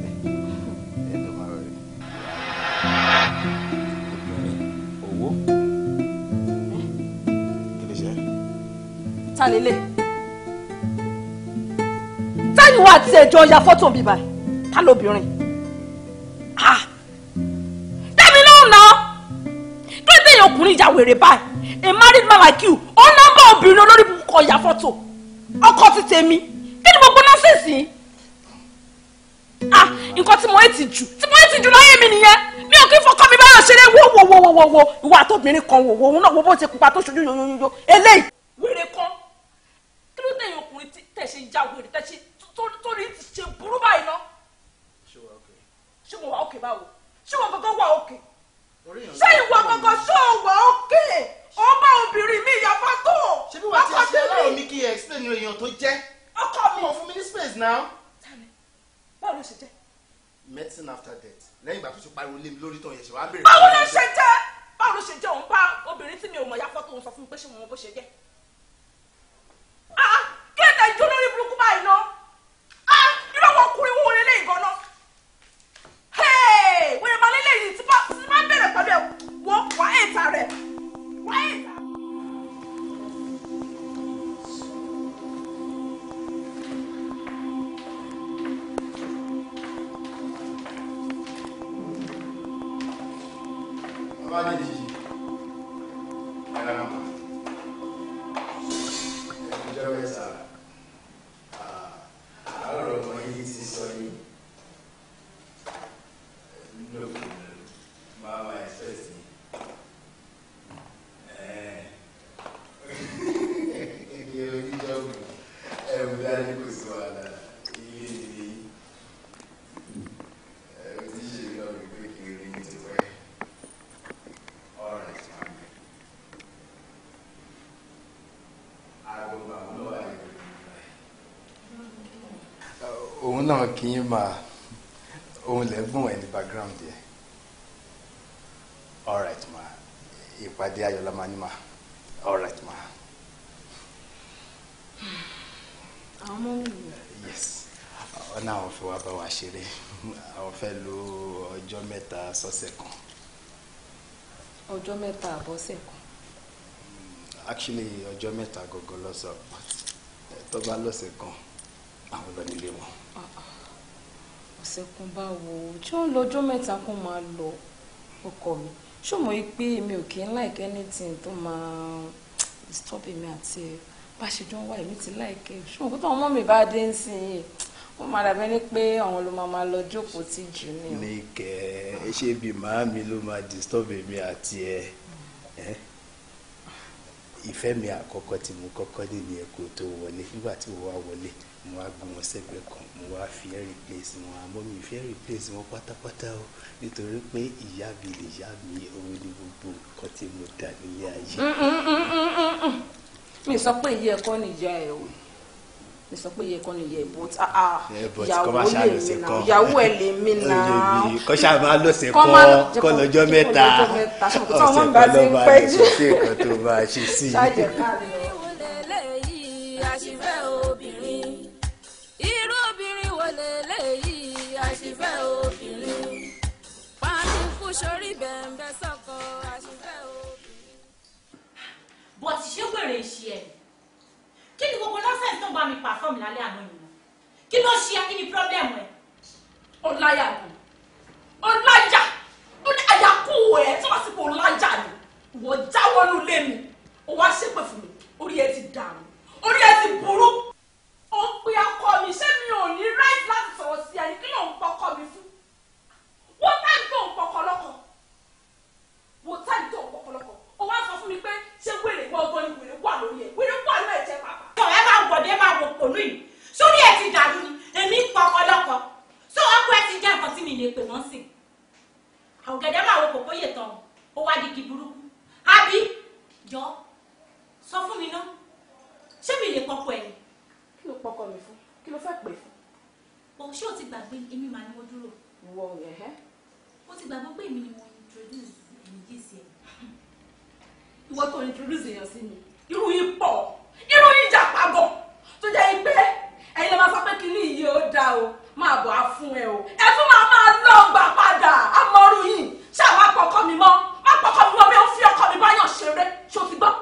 owó. kí ṣé ìwọ àti ẹjọ ya fọ́tò bíi báyìí ta lóbìnrin tẹ́mi ló ń lọ kí ló dé èèyàn ọkùnrin ìjà wèrè báyìí a married man like you ó nọ́mbà obìnrin olórí kọ ya fọ́tò ọkọ ti tèmi kí ni gbogbo náà fèsì nǹkan tí mo ẹ̀ ti jù tí mo ẹ̀ ti jù láyé mi nìyẹn mi ò kí fọkàn mi báyọ̀ ṣeré wo wo wo wo wo wo ìwà àtọ́bìnrin kan wo wo òun náà wo bó ṣe pupa tó ṣojú yoyoyo eléyìí wèrè kan kí ló dé èèyàn ọkùnrin tẹ̀ ṣe wèrè tẹ̀ tóní ti ṣe burú báyìí ná. ṣé wà ókè. ṣé mo wà ókè báwo ṣé wọn gangan wà ókè. ṣé ìwọ gangan ṣó wà ókè ọba obìnrin mi ìyàfa tó. ṣé bí wàá ti ṣe aláwọ̀ mi kí ẹ explain èèyàn tó jẹ́. ọkọ mi ò fún mi ní space now. tani báwo ló ṣe jẹ́. medicine after death lẹ́yìn ìgbà tó ti pariwo lé mi lórí tán yẹn ṣe wàá bèrè. báwo ló ṣe jẹ́ báwo ló ṣe jẹ́ òun bá obìnrin tí mi ò mọ̀ yá fọ́tò òun sọ fún mi pé ṣé mo mọ bó ṣe jẹ́. Allez-y. òun náà kì í máa òun lẹ́gbọ̀n ẹ̀ ní background yẹn alright ma ìpàdé ayọ̀lá máa ní ma alright ma. àwọn ọmọ mi nìyẹn. yes ọ̀nà àwọn fẹ́ wá bá wa ṣeré àwọn fẹ́ lo ọjọ́ mẹ́ta sọ́sẹ̀ kan. ọjọ́ mẹ́ta àbọ̀sẹ̀ kan. actually ọjọ́ mẹ́ta gọ́gọ́ lọ́sọ̀ tó bá lọ́sẹ̀ kan àwọn lọ nílé wọn àṣẹkùn bá wo tí ó ń lọ́jọ́ mẹ́ta kó máa lọ ọkọ mi ṣó mọ̀ pé mi ò kí ń like anything tó máa disturb mi àti bá ṣe jọ ń wá èmi ti like ẹ̀ ṣùgbọ́n kó ọmọ mi bá dé ń sìn yìí wọ́n máa dàbẹ́ ní pé àwọn ló máa máa lọ jókòó tì jù ní. ní kẹ́ ẹ ṣé bíi màámi ló máa disturb mi àti ẹ̀ ìfẹ́ mi àkọ́kọ́ tí mo kọ́kọ́ ní ní ẹ̀kọ́ tó wọlé nígbà tí mo wá wọlé mo wá gbé sẹ́gbẹ̀ẹ́ kan mo wá fi ẹ́ replace wọn àmọ́ mi fi ẹ́ replace wọn pátápátá o nítorí pé ìyá mi lè yá mi òun ní gbogbo nǹkan tí mo dà nílé ayé. Mm, mm, mm, mi sọ pé ìyá ẹ̀kọ́ nìyá ẹ̀ o mi sọ pé iye kan ni iye but ah, ah, eh, ìyàwó lè mi ìyàwó ẹ lè mi na kọ́ ṣáà máa lọ́sẹ̀ kọ́ kọ́ lọ́jọ́ mẹ́ta ọ̀sẹ̀ kọ́ lọ́ba rẹ̀ kò sí nǹkan tó bá ṣe sí i. àṣìfẹ́ ṣé wèrè ìṣe ẹ̀ kí ni gbogbo nọ́sẹ̀sì tó ń bá mi pàfọ́ọ̀mù lálẹ́ àná yìí mọ́ kí ló ṣe kí ni pírọ́blẹ̀mù ẹ̀. ó láyà ni ó láyà ó ní àyàkú ẹ̀ tí wọ́n sì kó láyà ni wọ́n jáwọ́ nù lé mi ó wá ṣépè fún mi orí ẹ ti dàrú orí ẹ ti burú ó ń pe akọ mi ṣé mi ò ní right láti sọ̀rọ̀ sí ẹni kí ló ń pọkọ mi fún wọ́n táì tó ń pọkọ lọ́kọ̀ wọ́n táì tó ń pọkọ lọ́kọ̀ ó wá sọ fún mi pé ṣé wèrè wọ ọgbọ́n ni wèrè wà lórí ẹ̀ wèrè wà lórí ẹ̀jẹ̀ pàpà. ọ̀rẹ́ máa wọ̀ dé máa wọ̀ pọ̀ lóyún sórí ẹ̀ ti dàrú ni èmi ń pọkọ lọ́kọ sọ ọkọ ẹ̀ ti jẹ́ nǹkan tí mi lè pè wọ́n sí. àwògẹ́dẹ́ máa wọ kòkó yè tán ó wá di kì àbí jọ sọ fún mi náà ṣé mi lè pọkọ ẹ̀ kí ló pọkọ mi fún kí ló fẹ́ pè fún. ò ṣé o ti gbàgbé èmi màá ni mo dúró. wọ ẹ̀hẹ́. o ti gbàgbé pé èmi ni mo introduce èmi yìí sí ẹ ìwọ tó introduce èèyàn sí mi irú yìí pọ̀ irú yìí jà pàgọ́ tó jẹ́ pé ẹ̀yin lè máa sọ pé kínní yìí ó dáa o máa bọ̀ á fún ẹ o ẹ tún máa máa lọ gbà padà á mọ ọrùn yìí ṣáà má pọkọ mi mọ́ má pọkọ mi mọ́ bí ó fi ọkọ mi báyọ̀ ṣeré ṣó ti gbọ́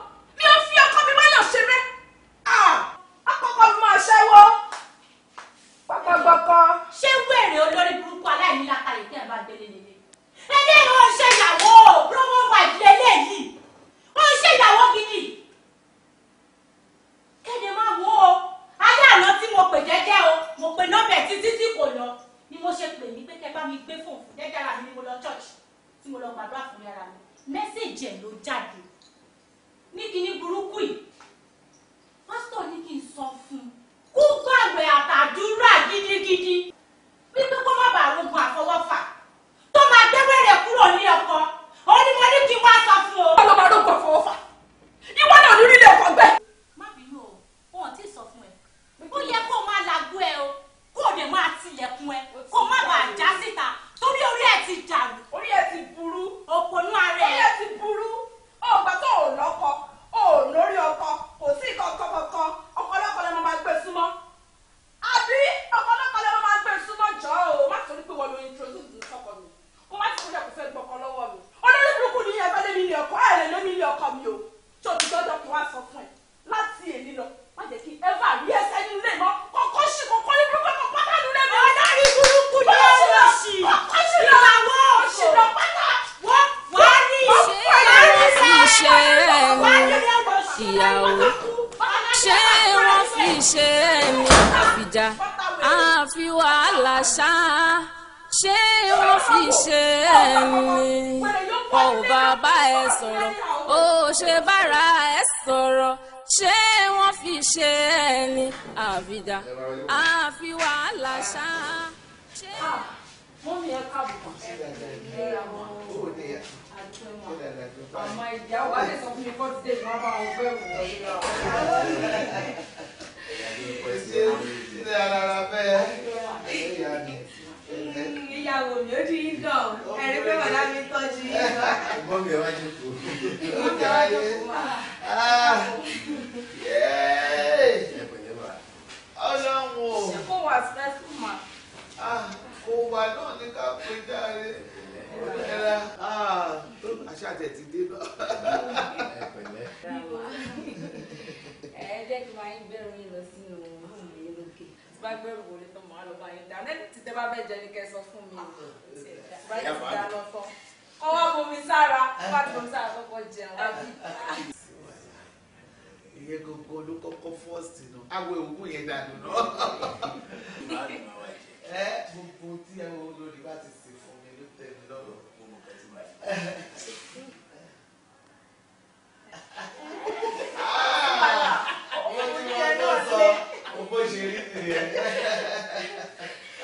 rí nìyẹn.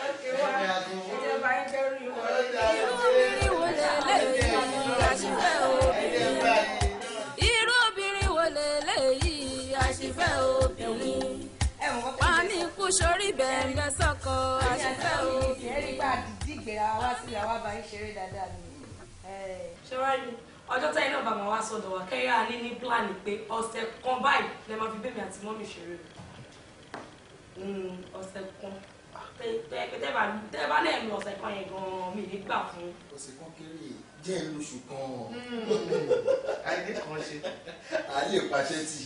ọkẹ́ wa ìjọba ń jẹ́rú ìwọ. irú obìnrin wo lè léyìí àṣìfẹ́ obìnrin. irú obìnrin wo lè léyìí àṣìfẹ́ obìnrin. pani kú sórí bẹ̀rẹ̀ sọ́kọ àṣìfẹ́ obìnrin. ẹ̀rí sí àwa bá ń ṣeré dáadáa ni. ṣé ọjọ́ tẹ́yìn náà bá máa wá sọ́dọ̀ wa kẹ́yà ní ní pílánì pé ọ̀sẹ̀ kan báyìí lè máa fi bẹ́ẹ̀ mi àti mọ́mì ṣeré nínú ọ̀sẹ̀ kan tẹ́ẹ̀ bá náà lu ọ̀sẹ̀ kan yẹn gan-an mi ní gbà fún. ọ̀sẹ̀ kan kéré jẹ́ lóṣù kan hmm. ayé kan ṣe ayé pàṣẹ tì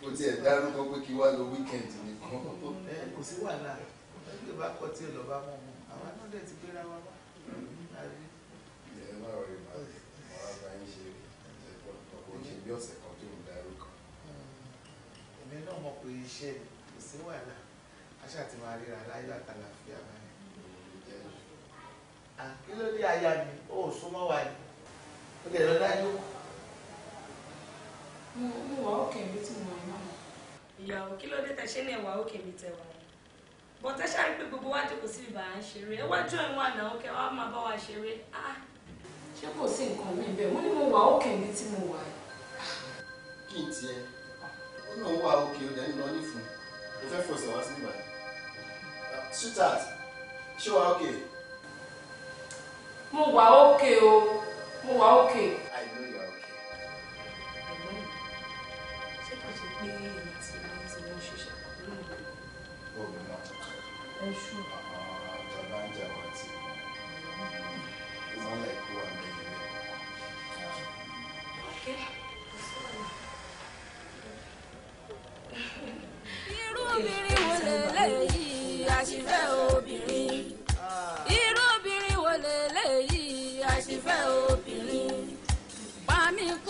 kò tiẹ̀ dárúkọ pé kí wá lọ wíkẹ̀ndì nìkan. kò sí wàhálà ẹgbẹ́ bá kọ tí ẹ lọ bá mọ̀ mọ́ àwa náà dẹ̀ ti gbéra wa wá. ẹ má rọ ìmọ̀ àwọn ọba yín ṣe ọ̀pọ̀ ṣe bí ọ̀sẹ̀ kan tó ń dárúkọ. Hmm. èmi náà mọ̀ pé iṣẹ́ mi sí wàhálà aṣá ti máa ríra láyé àtàlàfíà báyìí. kí ló dé aya mi ó súnmọ́ wa ni ó lè lọ dájú. mo mo wà òkè mi tí mo máa ń ìyàwó kí ló dé tẹ ṣe ní ẹwà òkè mi tẹ wà bọ tẹ ṣáà rí pé gbogbo wa jókòó sí ibà à ń ṣeré ẹ wá jọ ìwọn àná òkè wa máa bá wa ṣeré ṣé kò sí nǹkan mi bẹ́ẹ̀ wọ́n ní mo wà òkè mi tí mo wà. kí n tiẹ̀ ó náà wà òkè ó dẹ́nu lọ nífun o fẹ́ fòsàn wá sí ìgbà sweetheart ṣé wàá òkè. mo wà òkè o mo wà òkè. I know you okay. ẹ̀gbọ́n mi ṣé kò ṣe pé èmi àti ìyá ti wọ́n ṣiṣẹ́ pẹ̀lú ìlú. o ò ní mọ̀.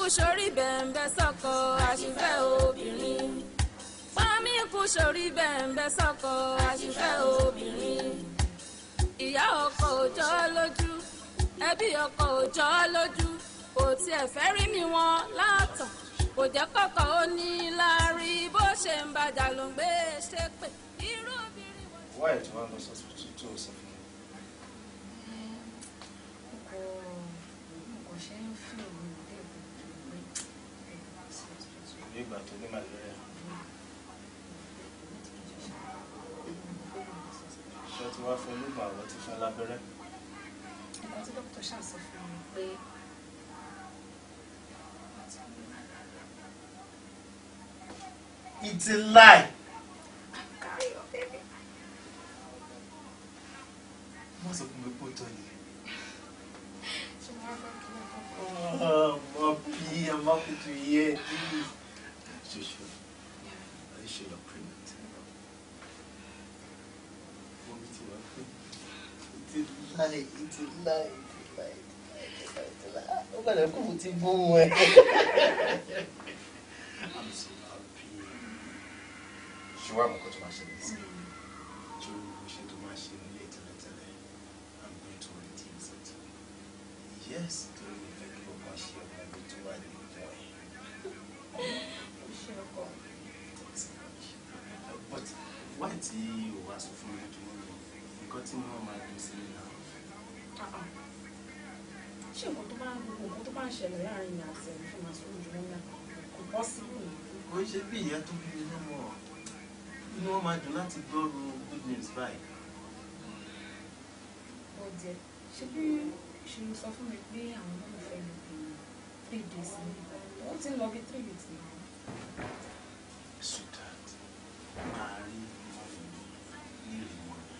kú sórí bẹ̀ǹbẹ̀ sọ́kọ àṣìfẹ́ obìnrin. Pọ́nmi kú sórí bẹ̀ǹbẹ̀ sọ́kọ àṣìfẹ́ obìnrin. Ìyá ọkọ òjọ́ lójú, ẹbí ọkọ òjọ́ lójú. Kò tiẹ̀ fẹ́ rí mi wọn látàn. Kò jẹ́ kọ́kọ́ ó ní láárí bó ṣe ń bàjá ló ń gbé ṣépè. Irú obìnrin wọn. Wáyé tí wọ́n lọ sọ́sọ́ tó sọ bí tó ní malaria ṣé ti wá fún olúgbà àwọ̀ ti fún lábẹ́rẹ́. ìgbà tí dókítà ṣàǹsọ fún mi pé It's a lie. Má sọ fún mi pé ó tọ́ ni. Oh, my pee, I'm happy to hear Are you sure? Yeah. Are you sure you're pregnant? Want me to help you? It is light, I'm so happy. Ṣé wàá mọ̀ kó tó máa ṣe ní sí? Ṣé I'm going to reduce it. Yes, torí mi fẹ́ kí o tí o wá sọ fún mi dùn nǹkan tí mo máa dùn sí mi náà. Ah, ah. ṣé nǹkan tó bá ń gbogbo nǹkan tó bá ń ṣẹlẹ̀ láàrin ìyá àti ẹ̀mí fún màsí òjò náà kò bọ́ sí mi. kò ń ṣe bí ìyá tó bí mi lọ́mọ inú wọn máa dùn láti gbọ́rù good news báyìí. ọ̀jẹ̀ ṣe bí ṣe ló sọ fún mi pé àwọn náà fẹ́ lè three days ní ìgbà ó ti ń lọ bí three days ní ìgbà. sweetheart máa rí i ilé ìwọ rẹ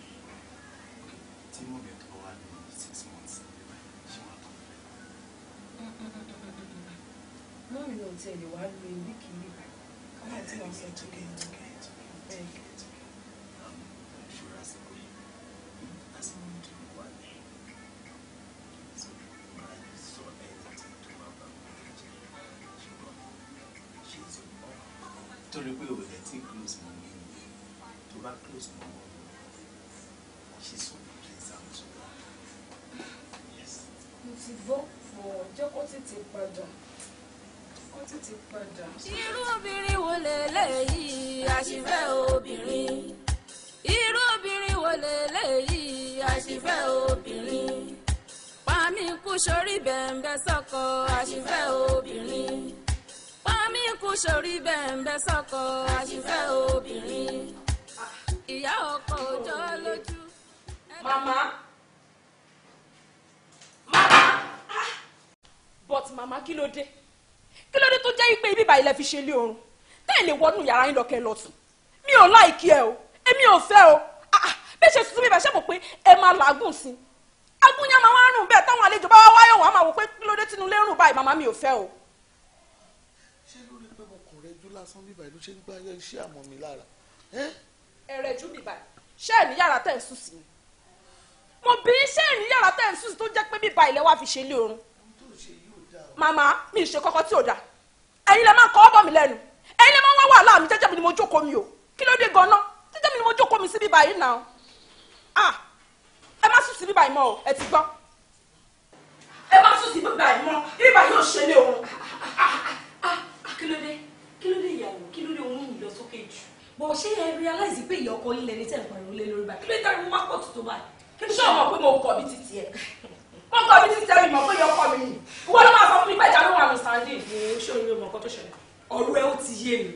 tí mo bẹ tó wá ní six months ní báyìí ṣé wàá tó fẹ́. lórí náà tiẹ̀ lè wá lu ewé kìíní báyìí káwọn tí wọ́n sọ tó lè ní bẹ́ẹ̀. torí pé òun ẹ̀ tí close mọ́ mi nìyẹn tó bá close mọ́ wọn she's so pleased and so yes. mo ti gbọ́ fọ jẹ́ kó tètè padà kó tètè padà. irú obìnrin wo lèléyìí àṣìfẹ́ obìnrin irú obìnrin wo lèléyìí àṣìfẹ́ obìnrin pàmí kú sórí bẹ̀ǹbẹ̀ sọ́kọ àṣìfẹ́ obìnrin pàmí kú sórí bẹ̀ǹbẹ̀ sọ́kọ àṣìfẹ́ obìnrin ìyá ọkọ òjọ́ lójú mama mama ah but mama kí ló dé kí ló dé tó jẹ́ pé ibi ìbàyìí lẹ fi ṣe ilé oorun tẹ́ẹ̀ lè wọnú yàrá yín lọ́kẹ́ lọ́tún mi ò láìkí ẹ o èmi ò fẹ́ o ah, ah. bí ṣe tuntun mi bá ṣe mọ̀ pé ẹ máa làágùn sí i agún yẹn máa wá rùn bẹ́ẹ̀ táwọn àlejò bá wá wáyọ̀ wá máa wò pé kí ló dé tínú lérùn báyìí màmá mi ò fẹ́ o. ṣé lórí pé mo kàn rẹjú lásán bíbá ló ṣe ń gbá iṣẹ́ àmọ́ mi lára. ẹ̀rẹ̀jú bíbá ṣé ẹ̀ ní yàrá tẹ̀ ń sùn sí ni mo bí iṣẹ́ ìrìn yàrá tẹ̀ ń sùn tó jẹ́ pé bíba ilẹ̀ wa fi ṣe ilé oorun màmá mi ṣe kọ́kọ́ tí ò dáa ẹ̀yin lè máa kọ́ ọ́ bọ̀ mí lẹ́nu ẹ̀yin lè máa wá wàhálà mi jẹ́jẹ́ mi ni mo jókòó mi o kí ló dé gan-an jẹ́jẹ́ mi ni mo jókòó mi sí bíba yìí nà ọ́ ẹ má sùn sí bíba yìí mọ́ ẹ ti gbọ́ ẹ má sùn sí bíba yìí mọ́ bíba yóò ṣe ilé oorun kí ló ìyàwó kí ló dé lọ sókè jù bọ̀ ṣé ẹ realize pé ìyá ọkọ yín lẹni tẹ̀ ń pariwo lé lórí báyìí kí ló dé táwọn máa pọ̀ tó tó báyìí ṣé ọmọ pé mo kọ̀ bí títí ẹ̀ mo kọ̀ bí títí ẹ̀ mi mọ̀ pé yọkọ̀ mi nì ìwọ ló máa sọ fún mi pé ìjà ló wà ní sànńdé. ṣé o ní ọmọ nǹkan tó ṣẹlẹ̀ ọ̀rọ̀ ẹ ó ti yé mi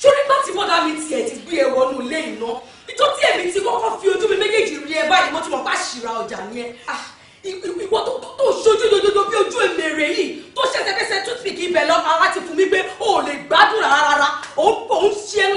ṣé nígbà tí bọ́dà mi tiẹ̀ ti gbé ẹ wọnú ilé ìná ìtọ́ tí èmi ti kọ́kọ́ fi ojú mi méjèèjì rí ẹ báyìí mo ti mọ̀ pé àṣìra ọjà ni ẹ ah, ìwọ tó tó ṣojú dododo bí ojú èmèrè yìí tó ṣẹ̀ṣẹ̀fẹsẹ̀ tún ti kì í bẹ̀ lọ ara ti fún mi pé o ò lè gbádùn rárá òun ṣe ẹnu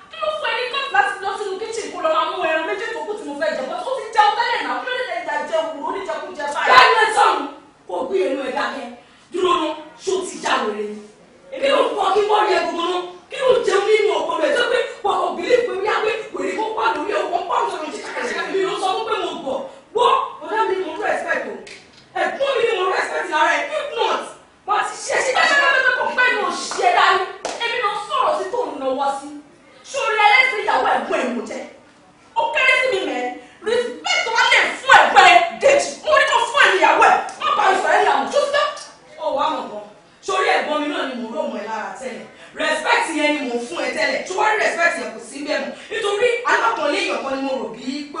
kí ló fún ẹ ní káàtì láti lọ sínú kíchìn kó lọ máa mú ẹran méjì tó kù tí mo fẹ́ jẹ bọ́ tó ti jẹun tẹ́lẹ̀ náà kí ló lè dá jẹ òwúrò oníjẹkújẹ báyìí. kí ló sọ̀rọ̀ kò gbé ẹnu ẹ̀ dákẹ́ dúró ná ṣó ti já wèrè ni. èmi ò kọ́ kí wọ́n rí ẹgbẹ̀rún ná kí ló jẹun nínú ọpọlọ ẹ̀ tó pé wà kò gbélé pé wíyá pé wèrè kó pàdé orí ọ̀pọ̀ pàdé orí ṣe ṣe bá ṣe bá bá kọ̀ pẹ́ ní òṣìṣẹ́ dání èmi náà sọ̀rọ̀ sí tòun náà wá sí sórí ẹlẹ́sìn ìyàwó ẹ̀gbọ́n ẹ̀ mo jẹ́ ó kéré sí mi mẹ́ respect wa lè fún ẹ̀gbọ́n ẹ̀ dèjì mo ní kó fún ẹ̀ níyàwó ẹ̀ má bá a sọ̀rọ̀ ìyàwó tó tẹ́ ó wà mọ̀ gan sórí ẹ̀gbọ́n mi náà ni mo rọ̀ mọ́ ẹ lára tẹ́lẹ̀ ni mo fún ẹ tẹ́lẹ̀ tí respect yẹn kò sí bẹ́ẹ̀ mọ́ nítorí alákọ̀ọ́lé èèyàn ni mo rò bí pé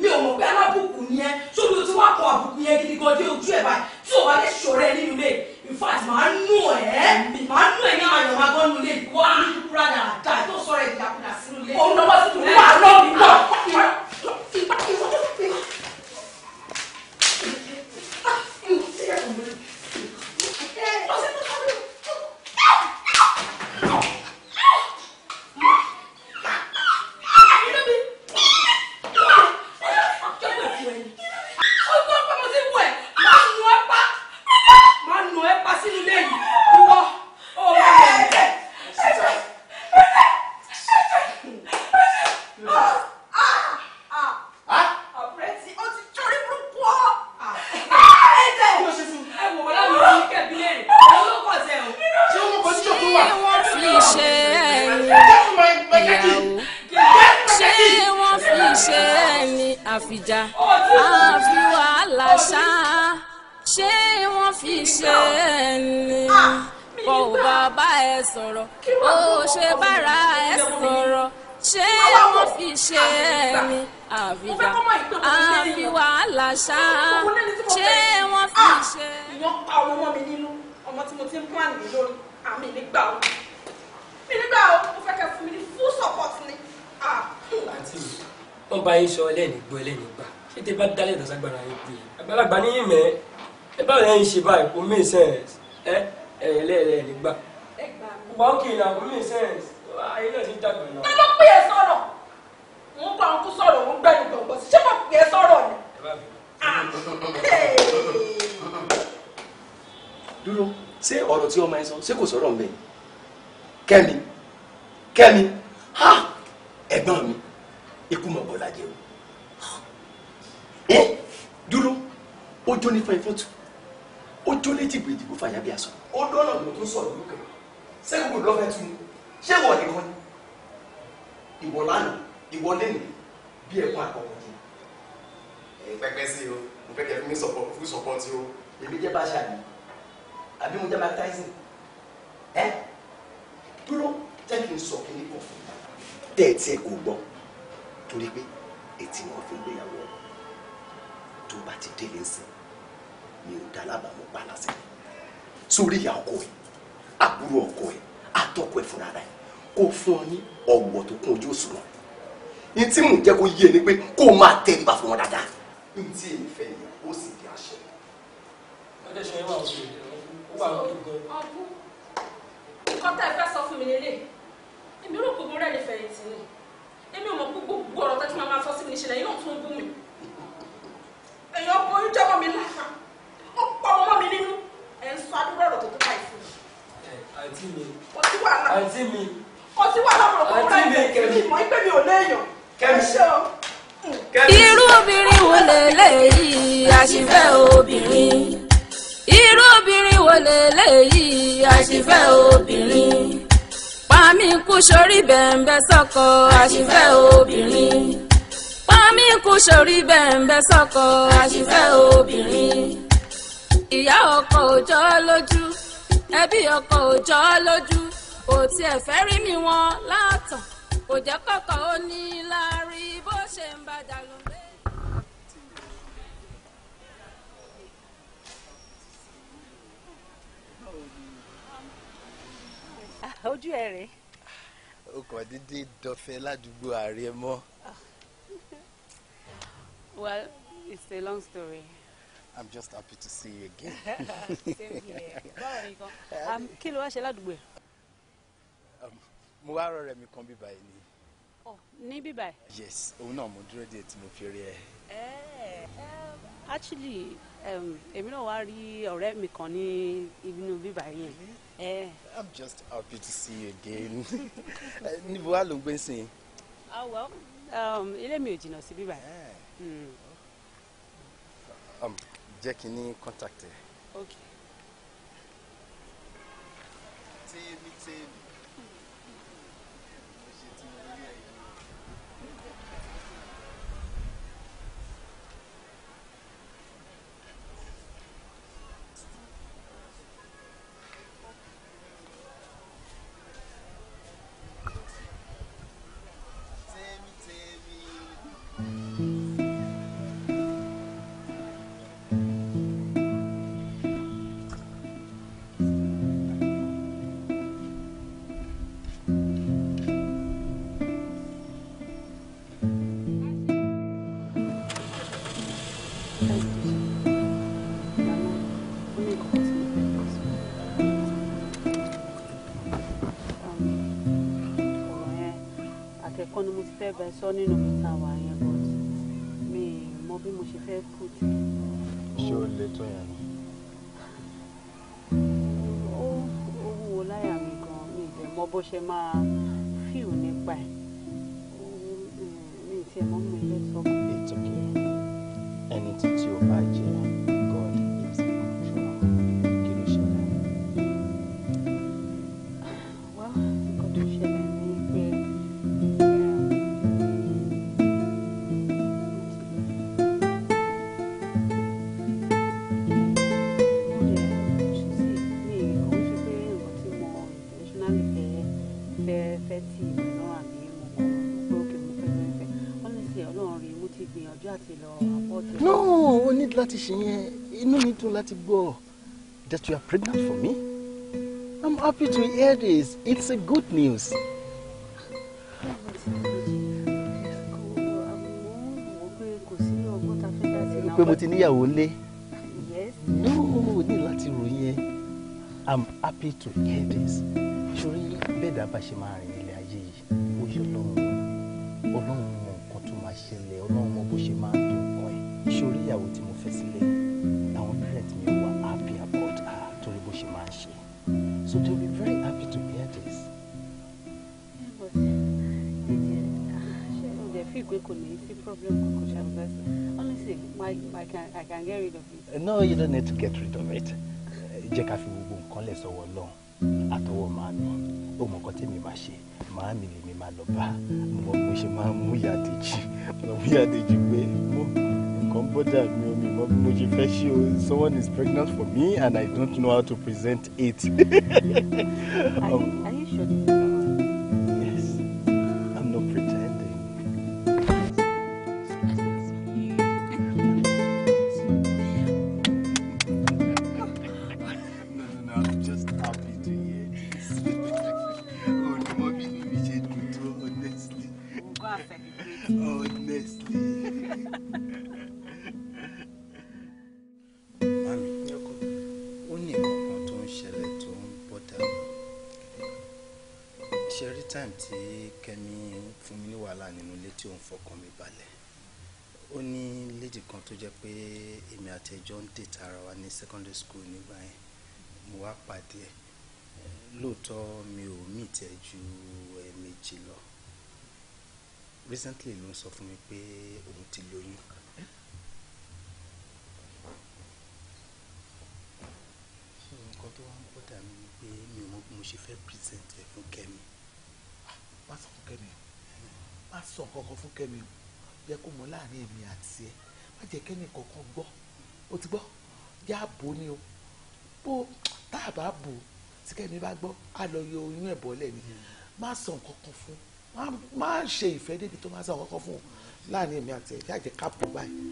mi ò mọ̀ pé alábùkù ni ẹ sóbi tó ti wá kọ àbùkù yẹn gidi gan dé ojú ẹ̀ báyìí tí ò wá lè ṣòro ẹ fact màá nù ẹ́ màá nù ẹ́ ní àwọn àyàn máa gbọ́n nulẹ̀ ìwọ amúdúkúrádà àtà tó sọ̀rọ̀ ìdàkudà sínú ilé. òun lọ́wọ́ sí tòun wà lọ́ọ̀bì náà. tẹ́ bá dálẹ̀ tàṣà gbàrà yín pé àgbàlagbà ní yín mẹ́ ẹ báwo lẹ́yìn ṣe báyìí kò make sense ẹ ẹ lẹ́ẹ̀lẹ́ lè gbà. wà ó kì í náà kò make sense ayé náà ti ń dàgbà náà. ẹ bá pè é sọ̀rọ̀ mo ń bá wọn kú sọ̀rọ̀ mo ń gbẹ́ni gbọ̀ngbọ̀ sí ṣé mo pè é sọ̀rọ̀ ni. Ah, dúró ṣé ọ̀rọ̀ tí ọmọ ẹ sọ ṣé kò sọ̀rọ̀ mbẹ́ kẹ́mi kẹ́mi ha mi ikú mọ̀ bọ́lá jẹun ẹ dúró ó jó ní fún ẹfọ́tù ó jó ní tìgbè ìdìbò fàyà bí aṣọ. ó dọ́nà ló tó sọ ìlú kan ṣé gbogbo lọ́fẹ́ tún ni ṣé ìwọ nìkan ni ìwọ lánàá ìwọ lẹ́nu bí ẹ̀kọ́ àkọ́kọ́ ni. ẹ pẹpẹ sí o mo fẹ́ kẹ́ fún mi fún sọ̀pọ̀ o. èmi jẹ́ bá ṣàbí àbí mo jẹ́ Mike Tyson ẹ dúró jẹ́ kí n sọ kí n kọ̀ fún mi. tẹ́ ẹ tiẹ̀ kò gbọ́ torí pé ètí wọn fi gbéyàwó ọ tó bá ti délé sí mi ò dá alábàámu pa lásìkò sórí ìyá ọkọ ẹ àbúrò ọkọ ẹ àtọkọ ẹ fúnra rẹ kó fún ọ ní ọgbọ tó kún ojú òṣùwọ̀n ní tí mò ń jẹ́ kó yé ẹ ni pé kó o máa tẹ́ nípa fún wọn dáadáa ní tí èmi fẹ́ yẹ ó sì di àṣẹ. ọjọ́ ìṣẹ́ wà òkè ó wà lọ́dún gan-an. tá ẹ fẹ́ sọ fún mi lélẹ̀ èmi rò pé mo rẹ́ fẹ̀yìntì ni èmi ò mọ̀ pé gbogbo ọ̀rọ̀ tó máa máa sọ sí mi níṣẹ̀lẹ̀ yìí náà tún ń bú mi èèyàn kó oúnjẹ mọ́ mi lásán ó pọ̀ mọ́ mi nínú ẹ̀ ń sọ adúgbò ọ̀rọ̀ tó tó báyìí fún mi. àǹtí mi àǹtí mi kò sí wàhálà mọ̀ kó kúrò ẹ̀ kẹ́mi mọ̀ pé mi ò léèyàn kẹ́mi ṣe irú obìnrin wo lèléyìí àṣìfẹ́ obìnrin irú obìnrin wo lèléyìí àṣìfẹ́ obìnrin pàmí kú sórí bẹ̀ǹbẹ̀ sọ́kọ àṣìfẹ́ obìnrin mi kú sórí bẹ́ẹ̀nbẹ́ sọ́kọ àṣìfẹ́ obìnrin ìyá ọkọ òjọ́ lójú ẹbí ọkọ òjọ́ lójú kò tiẹ̀ fẹ́ rí mi wọn látàn kò jẹ́ kọ́kọ́ ó ní láárí bó ṣe ń bàjá lọ. Ah, ojú ẹ rèé. o kàn dídí dọfẹ ládùúgbò ààrẹ mọ Well, it's a long story. I'm just happy to see you again. Same here. Báwo ni kan? Kí ló wá ṣe ládùúgbò ẹ̀? Um, mo wá rọrẹ̀ mi kan bíbá yìí ni. Ọ̀ oh, ní bíbá ẹ̀? Yes, òun náà mo dúró díẹ̀ tí mo fi rí ẹ. Eh, eh, actually, um, èmi náà wá rí ọ̀rẹ́ mi kan ní inú bíbá yẹn. Mm-hmm. Eh. I'm just happy to see you again. Níbo wá ló ń gbé sí? Ah well, um, ilé mi ò jìnnà sí bíbá yẹn. Hmm. Um, jẹ́ kí n ní contact ẹ. ok. tèmi tèmi. fẹ́ bẹ sọ nínú mítà wà yẹn but mi mọ bí mo ṣe fẹ́ put. ṣé o lè tó yẹn ni. ó wúwo láyà mi gan mi ìdẹ̀ mọ bó ṣe máa. ṣe yẹn inú mi dùn láti gbọ́ that you are pregnant for me I'm happy to hear this it's a good news. pé mo ti níyàwó lé no o ní láti ròyìn I'm happy to hear this ṣorí bẹ́ẹ̀ dábàá ṣe máa rìn pé kò ní sí problem kankan ṣá because honestly my, my can, I can get rid of it. Uh, no you don't need to get rid of it uh, jẹ́ ká fi gbogbo nǹkan lẹ̀ sọ̀wọ́ lọ́hùn àtọwọ́ máa mi ó mọ nǹkan máa ṣe máa mi lèmi máa lọ bá mo mo ṣe máa mú yàdéjì mo mú yàdéjì pé mo nǹkan bọ́dà mi ò mi mọ bí mo ṣe fẹ́ ṣe o someone is pregnant for me and I don't know how to present it. are you, are you sure? sọ fún mi pé òun ti lóyún. nǹkan tó wá ń bọ́dà mi ni pé mi ò mọ bí mo ṣe fẹ́ present ẹ̀ fún kẹ́mi. má ah, sọ fún kẹ́mi o má sọ nǹkan fún kẹ́mi o yẹ kó mọ láàrin èmi àti ẹ má jẹ́ kẹ́ni kankan gbọ́ o ti gbọ́ yá bò ni o bó tá a bá bò tí kẹ́mi bá gbọ́ á lọ yọ oyún ẹ̀ bọ́lẹ̀ ni hmm. má sọ nǹkan fún má ṣe ìfẹ́ débi tó máa sàn kọ́kọ́ fún un láàrin èmi àti ẹ̀ jáde kápò báyìí.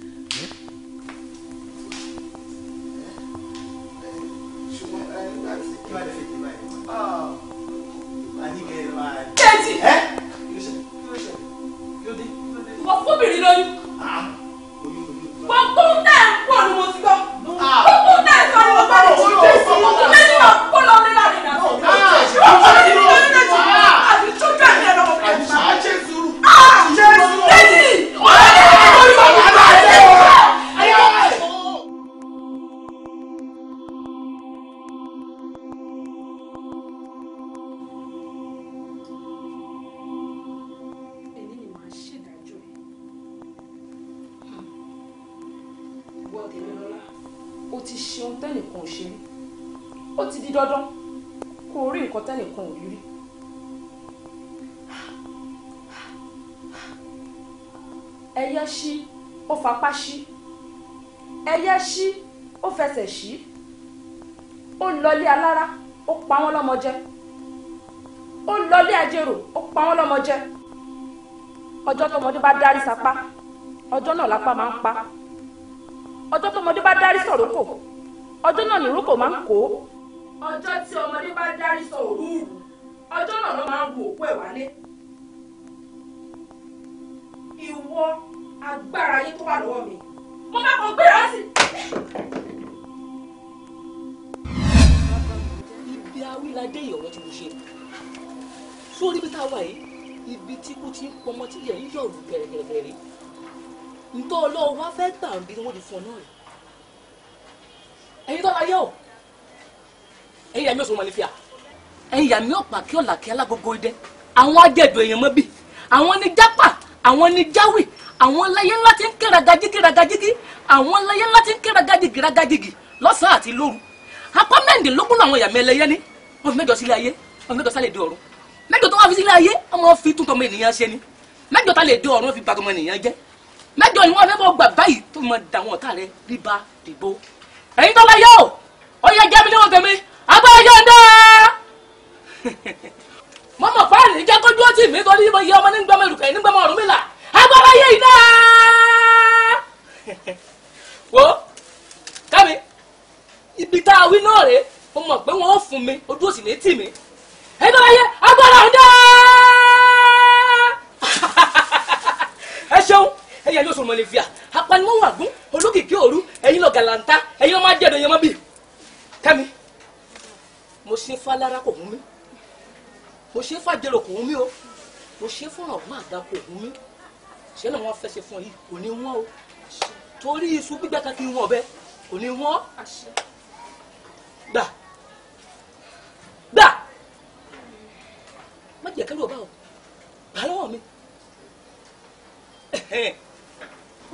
sapá ọjọ́ náà lápá máa ń pa ọjọ́ tọmọdé bá dárí sọ̀rọ̀ ọjọ́ náà nìrókò máa ń kó ọlọ́run wá fẹ́ gbà ń bí wọ́n ti fọ náà rẹ̀ ẹ̀yin tó láyé o ẹ̀yin yàmi òsùnmọ̀ ní fíà ẹ̀yin yàmi ọ̀pá kí ọ̀là kí alágogo dẹ àwọn ajẹ́dọ̀ èèyàn mọ́ bí àwọn ní jápà àwọn ní jáwì àwọn láyé ńlá ti ń kéragajì kéragajì àwọn láyé ńlá ti ń kéragajì kéragajì lọ́sàn-án àti lóru apá mẹ́rìndínlógún làwọn yàmi ẹlẹ́yẹ ní wọ́n fi mẹ́jọ sílé ayé wọ́n fi mẹ́jọ sálẹ̀ dé ọ̀run mẹ́jọ tó wá fi sílé ayé ọmọ fi túntọ́ ọmọ ènìyàn ṣe ni mẹ́jọ tá lè dé ọ̀run fi bàtọ́ ọmọ ènìyàn jẹ́ mẹ́jọ ni wọ́n fẹ́ bọ́ gbà báyìí tó mọ dàwọn ọ̀tá rẹ bíbá dìbò ẹ̀yin tó bá yọ ọ́ ó yẹ jẹ́ mi níwọ̀n tèmi agbára yọ̀ ǹda mo mọ̀ fáàlì jẹ́ kójú ó tì mí torí mo yẹ ọmọ nígbàmọ̀ èrùkẹ́ nígbàmọ̀ ọ̀rùn mi là agbára yẹ ìdá wo kámi ibi tá a wí náà rèé mo mọ̀ pé wọ́n ó fún mi ojú òsì ní tì mí ẹ̀yin tó bá yẹ ẹyẹ ló sọ̀rọ̀ mọ̀lẹ́fíà apanimọ́wọ́ àgún olókìkí òru ẹ̀yin lọ gàlàǹtà ẹ̀yin lọ máa jẹ̀dọ̀ yẹn mọ́ bì. kẹ́mi mo ṣe fálára kò hún mi mo ṣe fàjẹrò kò hún mi o mo ṣe fún ọ̀gbọ́n àgbà kò hún mi ṣé làwọn fẹsẹ̀ fún yìí kò ní wọ́n o torí iṣu gbígbẹ́ kan kì í wọ́n ọbẹ̀ kò ní wọ́n gbà gbà má jẹ́ kẹ́rù ọba o bàálọ́wọ́ mi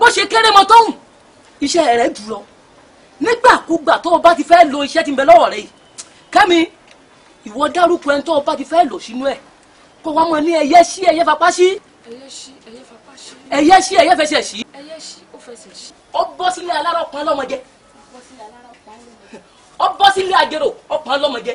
bó ṣe kéré mọ tó hùn iṣẹ́ rẹ̀ jùlọ nígbàkúgbà tó o bá ti fẹ́ lo iṣẹ́ tí ń bẹ lọ́wọ́ rẹ yìí kẹ́mi ìwọ dárúkọ ẹni tó o bá ti fẹ́ lò sínú ẹ̀ kó wá mọ ní ẹyẹ sí ẹyẹ fapá sí. ẹyẹ sí ẹyẹ fapá sí. ẹyẹ sí ẹyẹ fẹsẹ̀ sí. ẹyẹ sí ó fẹsẹ̀ sí. ó bọ́ sílé alárọ̀ pọ́n lọ́mọdé. ó bọ́ sílé àjèrò ó pọ́n lọ́mọdé.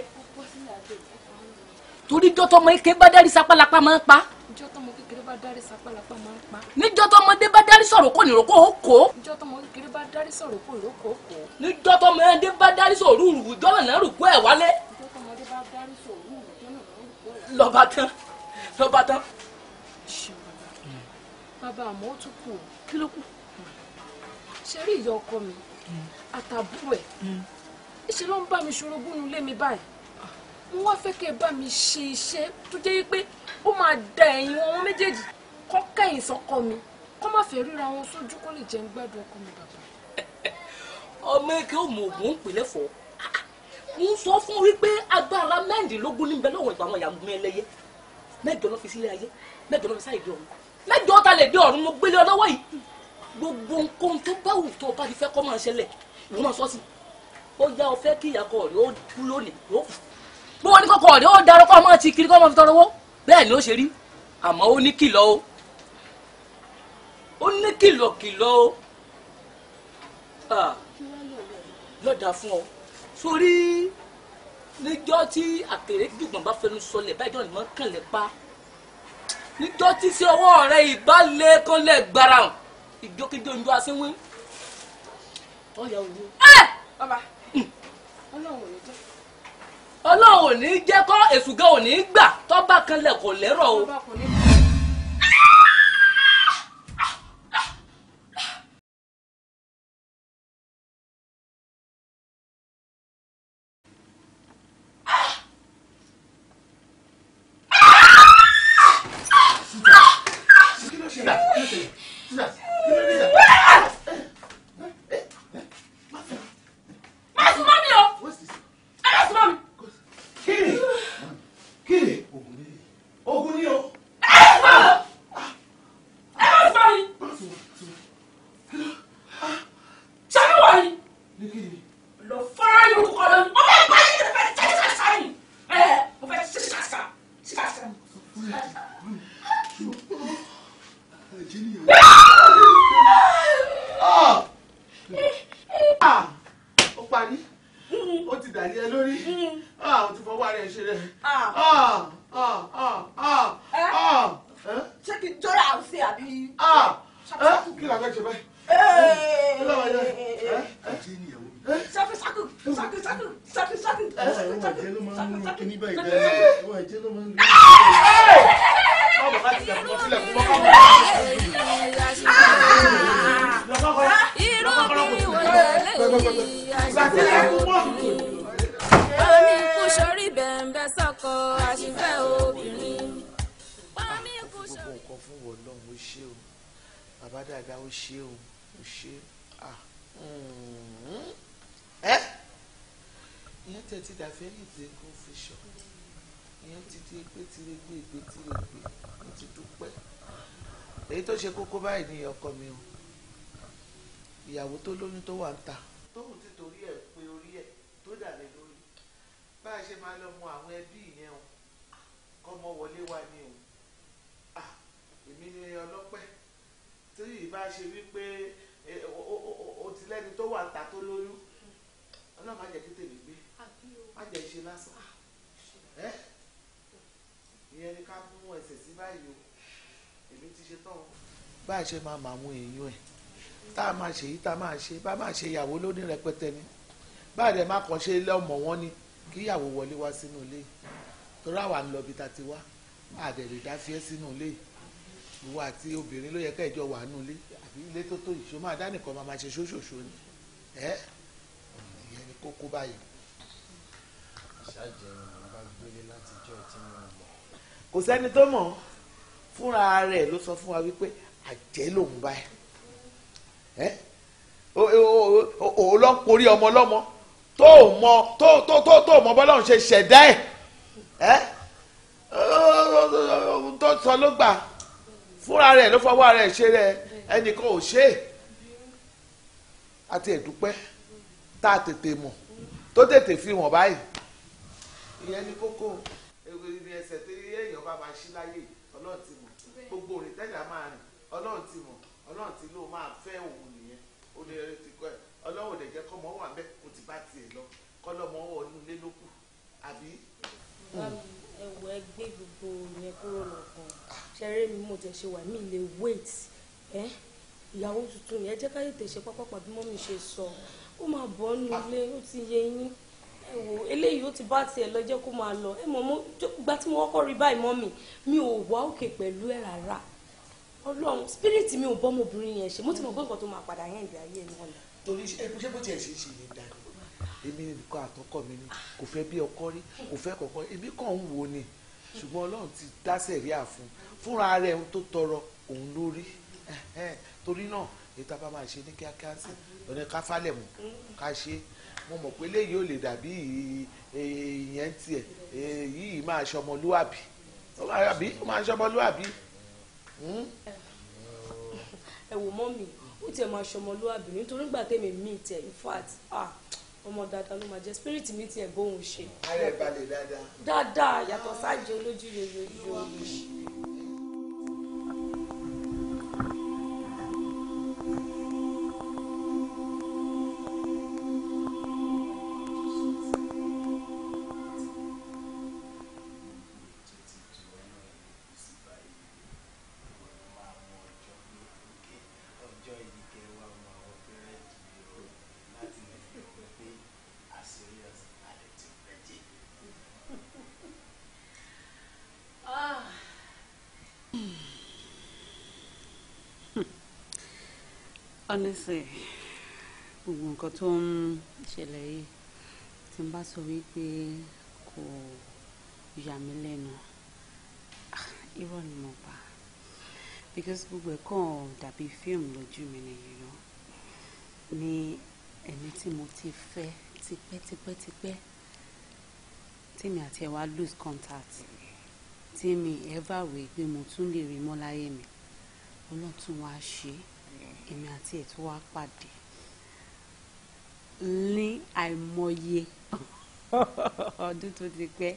torí jọ́tọ́mọ kékeré bá dárí sapálapá máa ń pa. jọ́tọ́mọ kékeré bá dárí sapálapá máa ń pa níjọ́ tọmọdé bá dárí sọ̀rọ̀ kò ní roko ó kó. níjọ́ tọmọdé kiri bá dárí sọ̀rọ̀ kò ní roko ó kó. níjọ́ tọmọdé bá dárí sọ̀rọ̀ rúurú jọ́nà náà rúkú ẹ̀ wálé. níjọ́ tọmọdé bá dárí sọ̀rọ̀ rúurú jọ́nà náà rúkú ẹ̀ wálé. lọ́ba tán lọ́ba tán. bàbá àmọ́ ó tún kù kí ló kù. ṣe rí ìyá ọkọ mi àtàbúrò ìṣe hmm. ló ń bá mi ṣorogún nulé mi báyìí wọ́n fẹ́ kẹ́ bá mi ṣe iṣẹ́ tó jẹ́ pé ó máa da ẹ̀yin wọn méjèèjì kọ́ kẹ́yìn sọ́kọ mi kọ́ má fẹ́ ríra wọn sójú kó lè jẹun gbádùn ọkọ mi bàbá. ọmọ eke ò mọ ògùn ìpínlẹ̀ fọ́ mo ń sọ fún wípé agbára mẹ́rìndínlógún níbẹ̀ lọ́wọ́ ìgbà àwọn ìyàgùn mi ẹlẹ́yẹ mẹ́jọ ló fi sílé ayé mẹ́jọ ló fi sáyé dé ọ̀run mẹ́jọ ta lè dé ọ̀run mo gbélé ọlọ́wọ́ yìí gbogbo nǹkan tó bá wù tó o bá ti fẹ́ kọ́ máa ṣẹlẹ̀ ìwọ máa sọ sí ó yá o fẹ́ kí ìyàkọ rẹ ó kú lónìí ó fò bó o ní kọkọ rẹ ó darọ kọ́ ọ máa ti kiri kọ́ máa fi tọrọ owó bẹ́ẹ̀ ni ó ṣe rí àmọ́ ó ní kìlọ̀ o ó ní kìlọ̀kìlọ̀ o lọ́dà fún ọ sórí níjọ́ tí àkèrè dùgbọ̀n bá fẹnu sọlẹ̀ báyìí ni wọ́n kàn lẹ́ pa níjọ́ tí sí ọwọ́ rẹ ìbálẹ̀ kan lẹ̀ gbára hàn ìjókèjọ ìjọ asínwín ọ̀yà òru. bàbá hmm. ọlọ́run ò ní jẹ́. ọlọ́run ò ní jẹ́ kọ́ èṣù gan ò ní gbà tọ́ba kan lẹ̀ kò lérò o. bàbá kò ní jẹ́. ẹ́ mm-hmm. eh? ìyẹn tẹ̀ ti dàfẹ́ ní ìdè confession ìyẹn ti di ẹgbẹ́ tirẹ̀gbẹ́ ẹgbẹ́ tirẹ̀gbẹ́ ó ti dúpẹ́ èyí tó ṣe kókó báyìí ni ọkọ mi o ìyàwó tó lóyún tó wà ń ta tóun ti torí ẹ̀ pé orí ẹ̀ tó dàbí lórí bá a ṣe máa lọ mọ àwọn ẹbí yẹn o kọ́mọ wọlé wa ni o ah, èmi ni ọlọ́pẹ́ tí ìbá ṣe wípé lẹ́ni tó wà níta tó lóyún ọlọ́run má jẹ́ kí tèmi gbé má jẹ́ ṣe lásán ah, ẹ́ ìyẹn ni ká mú ẹsẹ̀ sí báyìí o èmi ti ṣe tán. bá a ṣe máa màmú èèyàn ẹ̀ tá a máa ṣe yìí tá a máa ṣe bá a máa ṣe ìyàwó lóní rẹpẹtẹ ni bá a dẹ̀ má kàn ṣe lọ́mọ wọn ni kí ìyàwó wọlé wá sínú ilé torí àwa ń lọ ibi tá a ti wá a dá fiẹ́ sínú ilé yìí ìwọ àti obìnrin ló yẹ ká ìjọ wà nù ilé àbí ilé tó tó ìṣó máa dánìkan máa máa ṣe ṣóṣòṣó ni ẹ ìyẹn ni kókó báyìí. ìṣàjẹyìn àwọn bá gbélé láti jọ ìtí wọn mọ. kò sẹ́ni tó mọ̀ fúnra rẹ̀ ló sọ fún wa wípé àjẹ́ lòun báyìí ẹ òun ló ń porí ọmọ lọ́mọ tó mọ tó tó tó mọ bọ́lá òun ṣe ṣẹ̀dá ẹ̀ ẹ́ tó sọ ló gbà fúnra rẹ̀ ló fọwọ́ rẹ̀ ṣe rẹ̀ ẹnìkan ò ṣe é àti ẹ̀dúpẹ́ tá a tètè mọ̀ tó tètè fi wọ̀n báyìí ìyẹn ní kókó ewé ni ẹsẹ̀ tó yẹ èèyàn bá máa ṣí láyè ọlọ́run ti mọ̀ gbogbo òrìn tẹ́lẹ̀ máa rìn ọlọ́run ti mọ̀ ọlọ́run ti ló máa fẹ́ òun nìyẹn ó lè rẹ ti kọ́ ẹ̀ ọlọ́run ò lè jẹ́ kọ́mọ wà bẹ́ẹ̀ kó ti bá tiẹ̀ lọ kọ́lọ́mọ wọ̀ ọ́nú lé lókù àbí. ẹ̀wọ̀ ẹgbẹ́ gbogbo yẹn kúrò lọ́kàn ṣeré mi mo tẹ̀ ṣe wà mí lè wait ẹ ìyàwó tuntun yẹn jẹ́ káyọ̀ tẹ̀ ṣe pápápá bí mọ́mí ṣe sọ ó máa bọ́ nínú ilé ó ti yẹ yín ẹ wò eléyìí ó ti bá tiẹ̀ lọ jẹ́ kó máa lọ ẹ mọ̀ mọ́ gba tí mo kọ́kọ́ rí báyìí mọ́mí mi ò wá òkè pẹ̀lú ẹ̀ rárá ọlọ́run spirit mi ò bọ́ ọmọbìnrin yẹn ṣe mo ti mọ̀ pé nǹkan tó máa padà yẹn ìgbé ayé mi wọn. torí ṣé bó tiẹ̀ ṣe ṣe yẹn dání èmi nìkan àtọkọ mi ni kò fẹ́ bí ọkọ rí kò fẹ́ kọ̀ọ̀kan èmi kàn ń wo ni ṣùgbọ́n ọlọ́run ti dá sẹ̀ríà fún fúnra rẹ̀ ohun tó tọrọ òun lórí torí náà ètò àbá máa ṣe ní kíákíá sí ọ̀nà ká falẹ̀ mọ́ ká ṣe mo mọ̀ pé léyìí ò lè dàbí e, ìyẹn tiẹ̀ e, yìí máa ṣọmọlúwàbí àbí máa ṣọmọlúwàbí. Hmm? ẹ wò mọ́ mi ó tiẹ̀ máa ṣọmọlúwàbí nítorí gbà tẹ̀mí mi tẹ̀ in fact ah ọmọ dáadáa ló máa jẹ́ spirit mi tiẹ̀ bóun ṣe. ayọ̀ ìbàlẹ̀ dáadáa. dáadáa yàtọ̀ sáàjì olójú yòyò yòyò. honestly gbogbo nǹkan tó ń ṣẹlẹ̀ yìí tí n bá sọ wípé kò yà mí lẹ́nu ah, irọ́ ni mo pa because gbogbo ẹ̀ kàn dàbí fíìmù lójú mi nìyí lọ ní ẹni tí mo ti fẹ́ tipẹ́tipẹ́tipẹ́ tèmi àti ẹ̀ wá lose contact tèmi ẹ̀ bá wèé pé mo tún lè rí mọ́ láyé mi ọlọ́tún wá ṣe é èmi àti ètò wa pàdé ní àìmọye ọdún tó ti pẹ́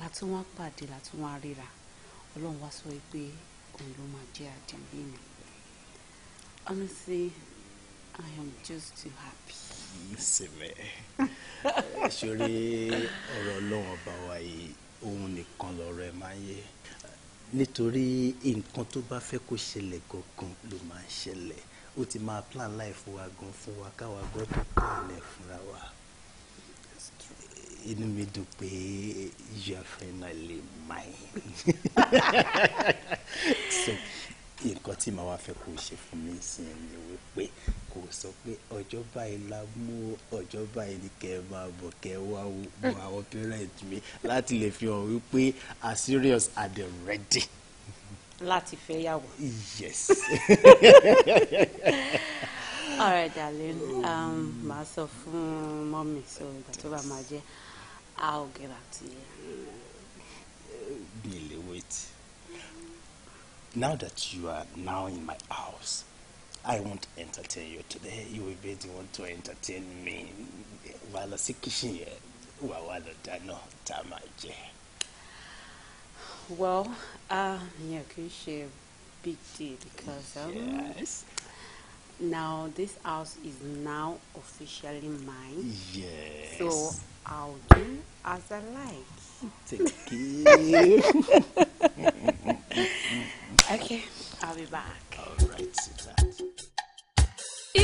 látún wá pàdé látún wá ríra ọlọ́run wá sọ pé òun ló máa jẹ́ àdìmí mi honestly I am just too happy. sèmẹ ṣorí ọ̀rọ̀ ọlọ́run ọba wa yìí òun nìkan lọ̀rọ̀ ẹ̀ máa ń nítorí nǹkan tó bá fẹ́ kó ṣẹlẹ̀ gangan ló máa ń ṣẹlẹ̀ ó ti máa plan life wa gan fún wa káwa gan tó pààlẹ̀ fúnra wa inú mi dùn pé you are finally mine. so, nǹkan tí màá wá fẹ́ kó o ṣe fún mi sí ni wípé kó sọ pé ọjọ́ báyìí la mú ọjọ́ báyìí ni kẹ́ ẹ máa bọ̀ kẹ́ ẹ wá wo àwọn parent mi láti lè fi hàn wípé as serious and they ready. láti fẹ́ yàwó. yes. all right darling um, màá sọ fún mọ́mí so ìgbà tó bá máa jẹ́ i'll get out to you. now that you are now in my house, I won't entertain you today. You will be the one to entertain me. While I kitchen here, while Well, uh, yeah, you big deal because um, yes. now this house is now officially mine. Yes. So I'll do as I like. Thank you. Okay, I'll be back. All right, sweetheart.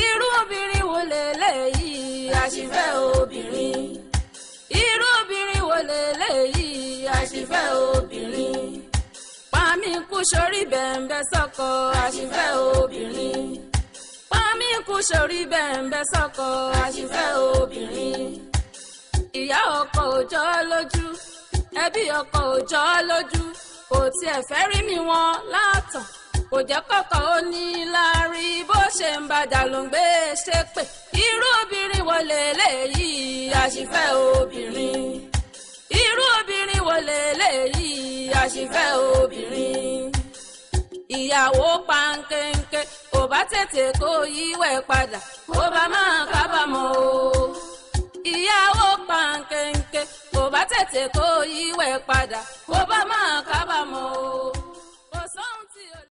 Irú obìnrin wo lèléyìí àṣìfẹ́ obìnrin? Irú obìnrin wo lèléyìí àṣìfẹ́ obìnrin? Pàmí kú sórí bẹ̀m̀bẹ̀ sọ́kọ àṣìfẹ́ obìnrin. Pàmí kú sórí bẹ̀m̀bẹ̀ sọ́kọ àṣìfẹ́ obìnrin. Ìyá ọkọ ò jọ lójú, ẹbí ọkọ ò lójú kò tiẹ̀ fẹ́ rí mi wọn látàn kò jẹ́ kọ́kọ́ ó ní láàrin bó ṣe ń bàjá ló ń gbé ṣe pé irú obìnrin wo lélẹ́yìí àṣìfẹ́ obìnrin irú obìnrin wo lélẹ́yìí àṣìfẹ́ obìnrin ìyàwó pankéńké kò bá tètè kó yíwẹ̀ padà kó bá máa kábàámọ̀ o ìyàwó pankéńké kò bá tètè kó ìwé padà kó bá máa kábàámọ̀ o.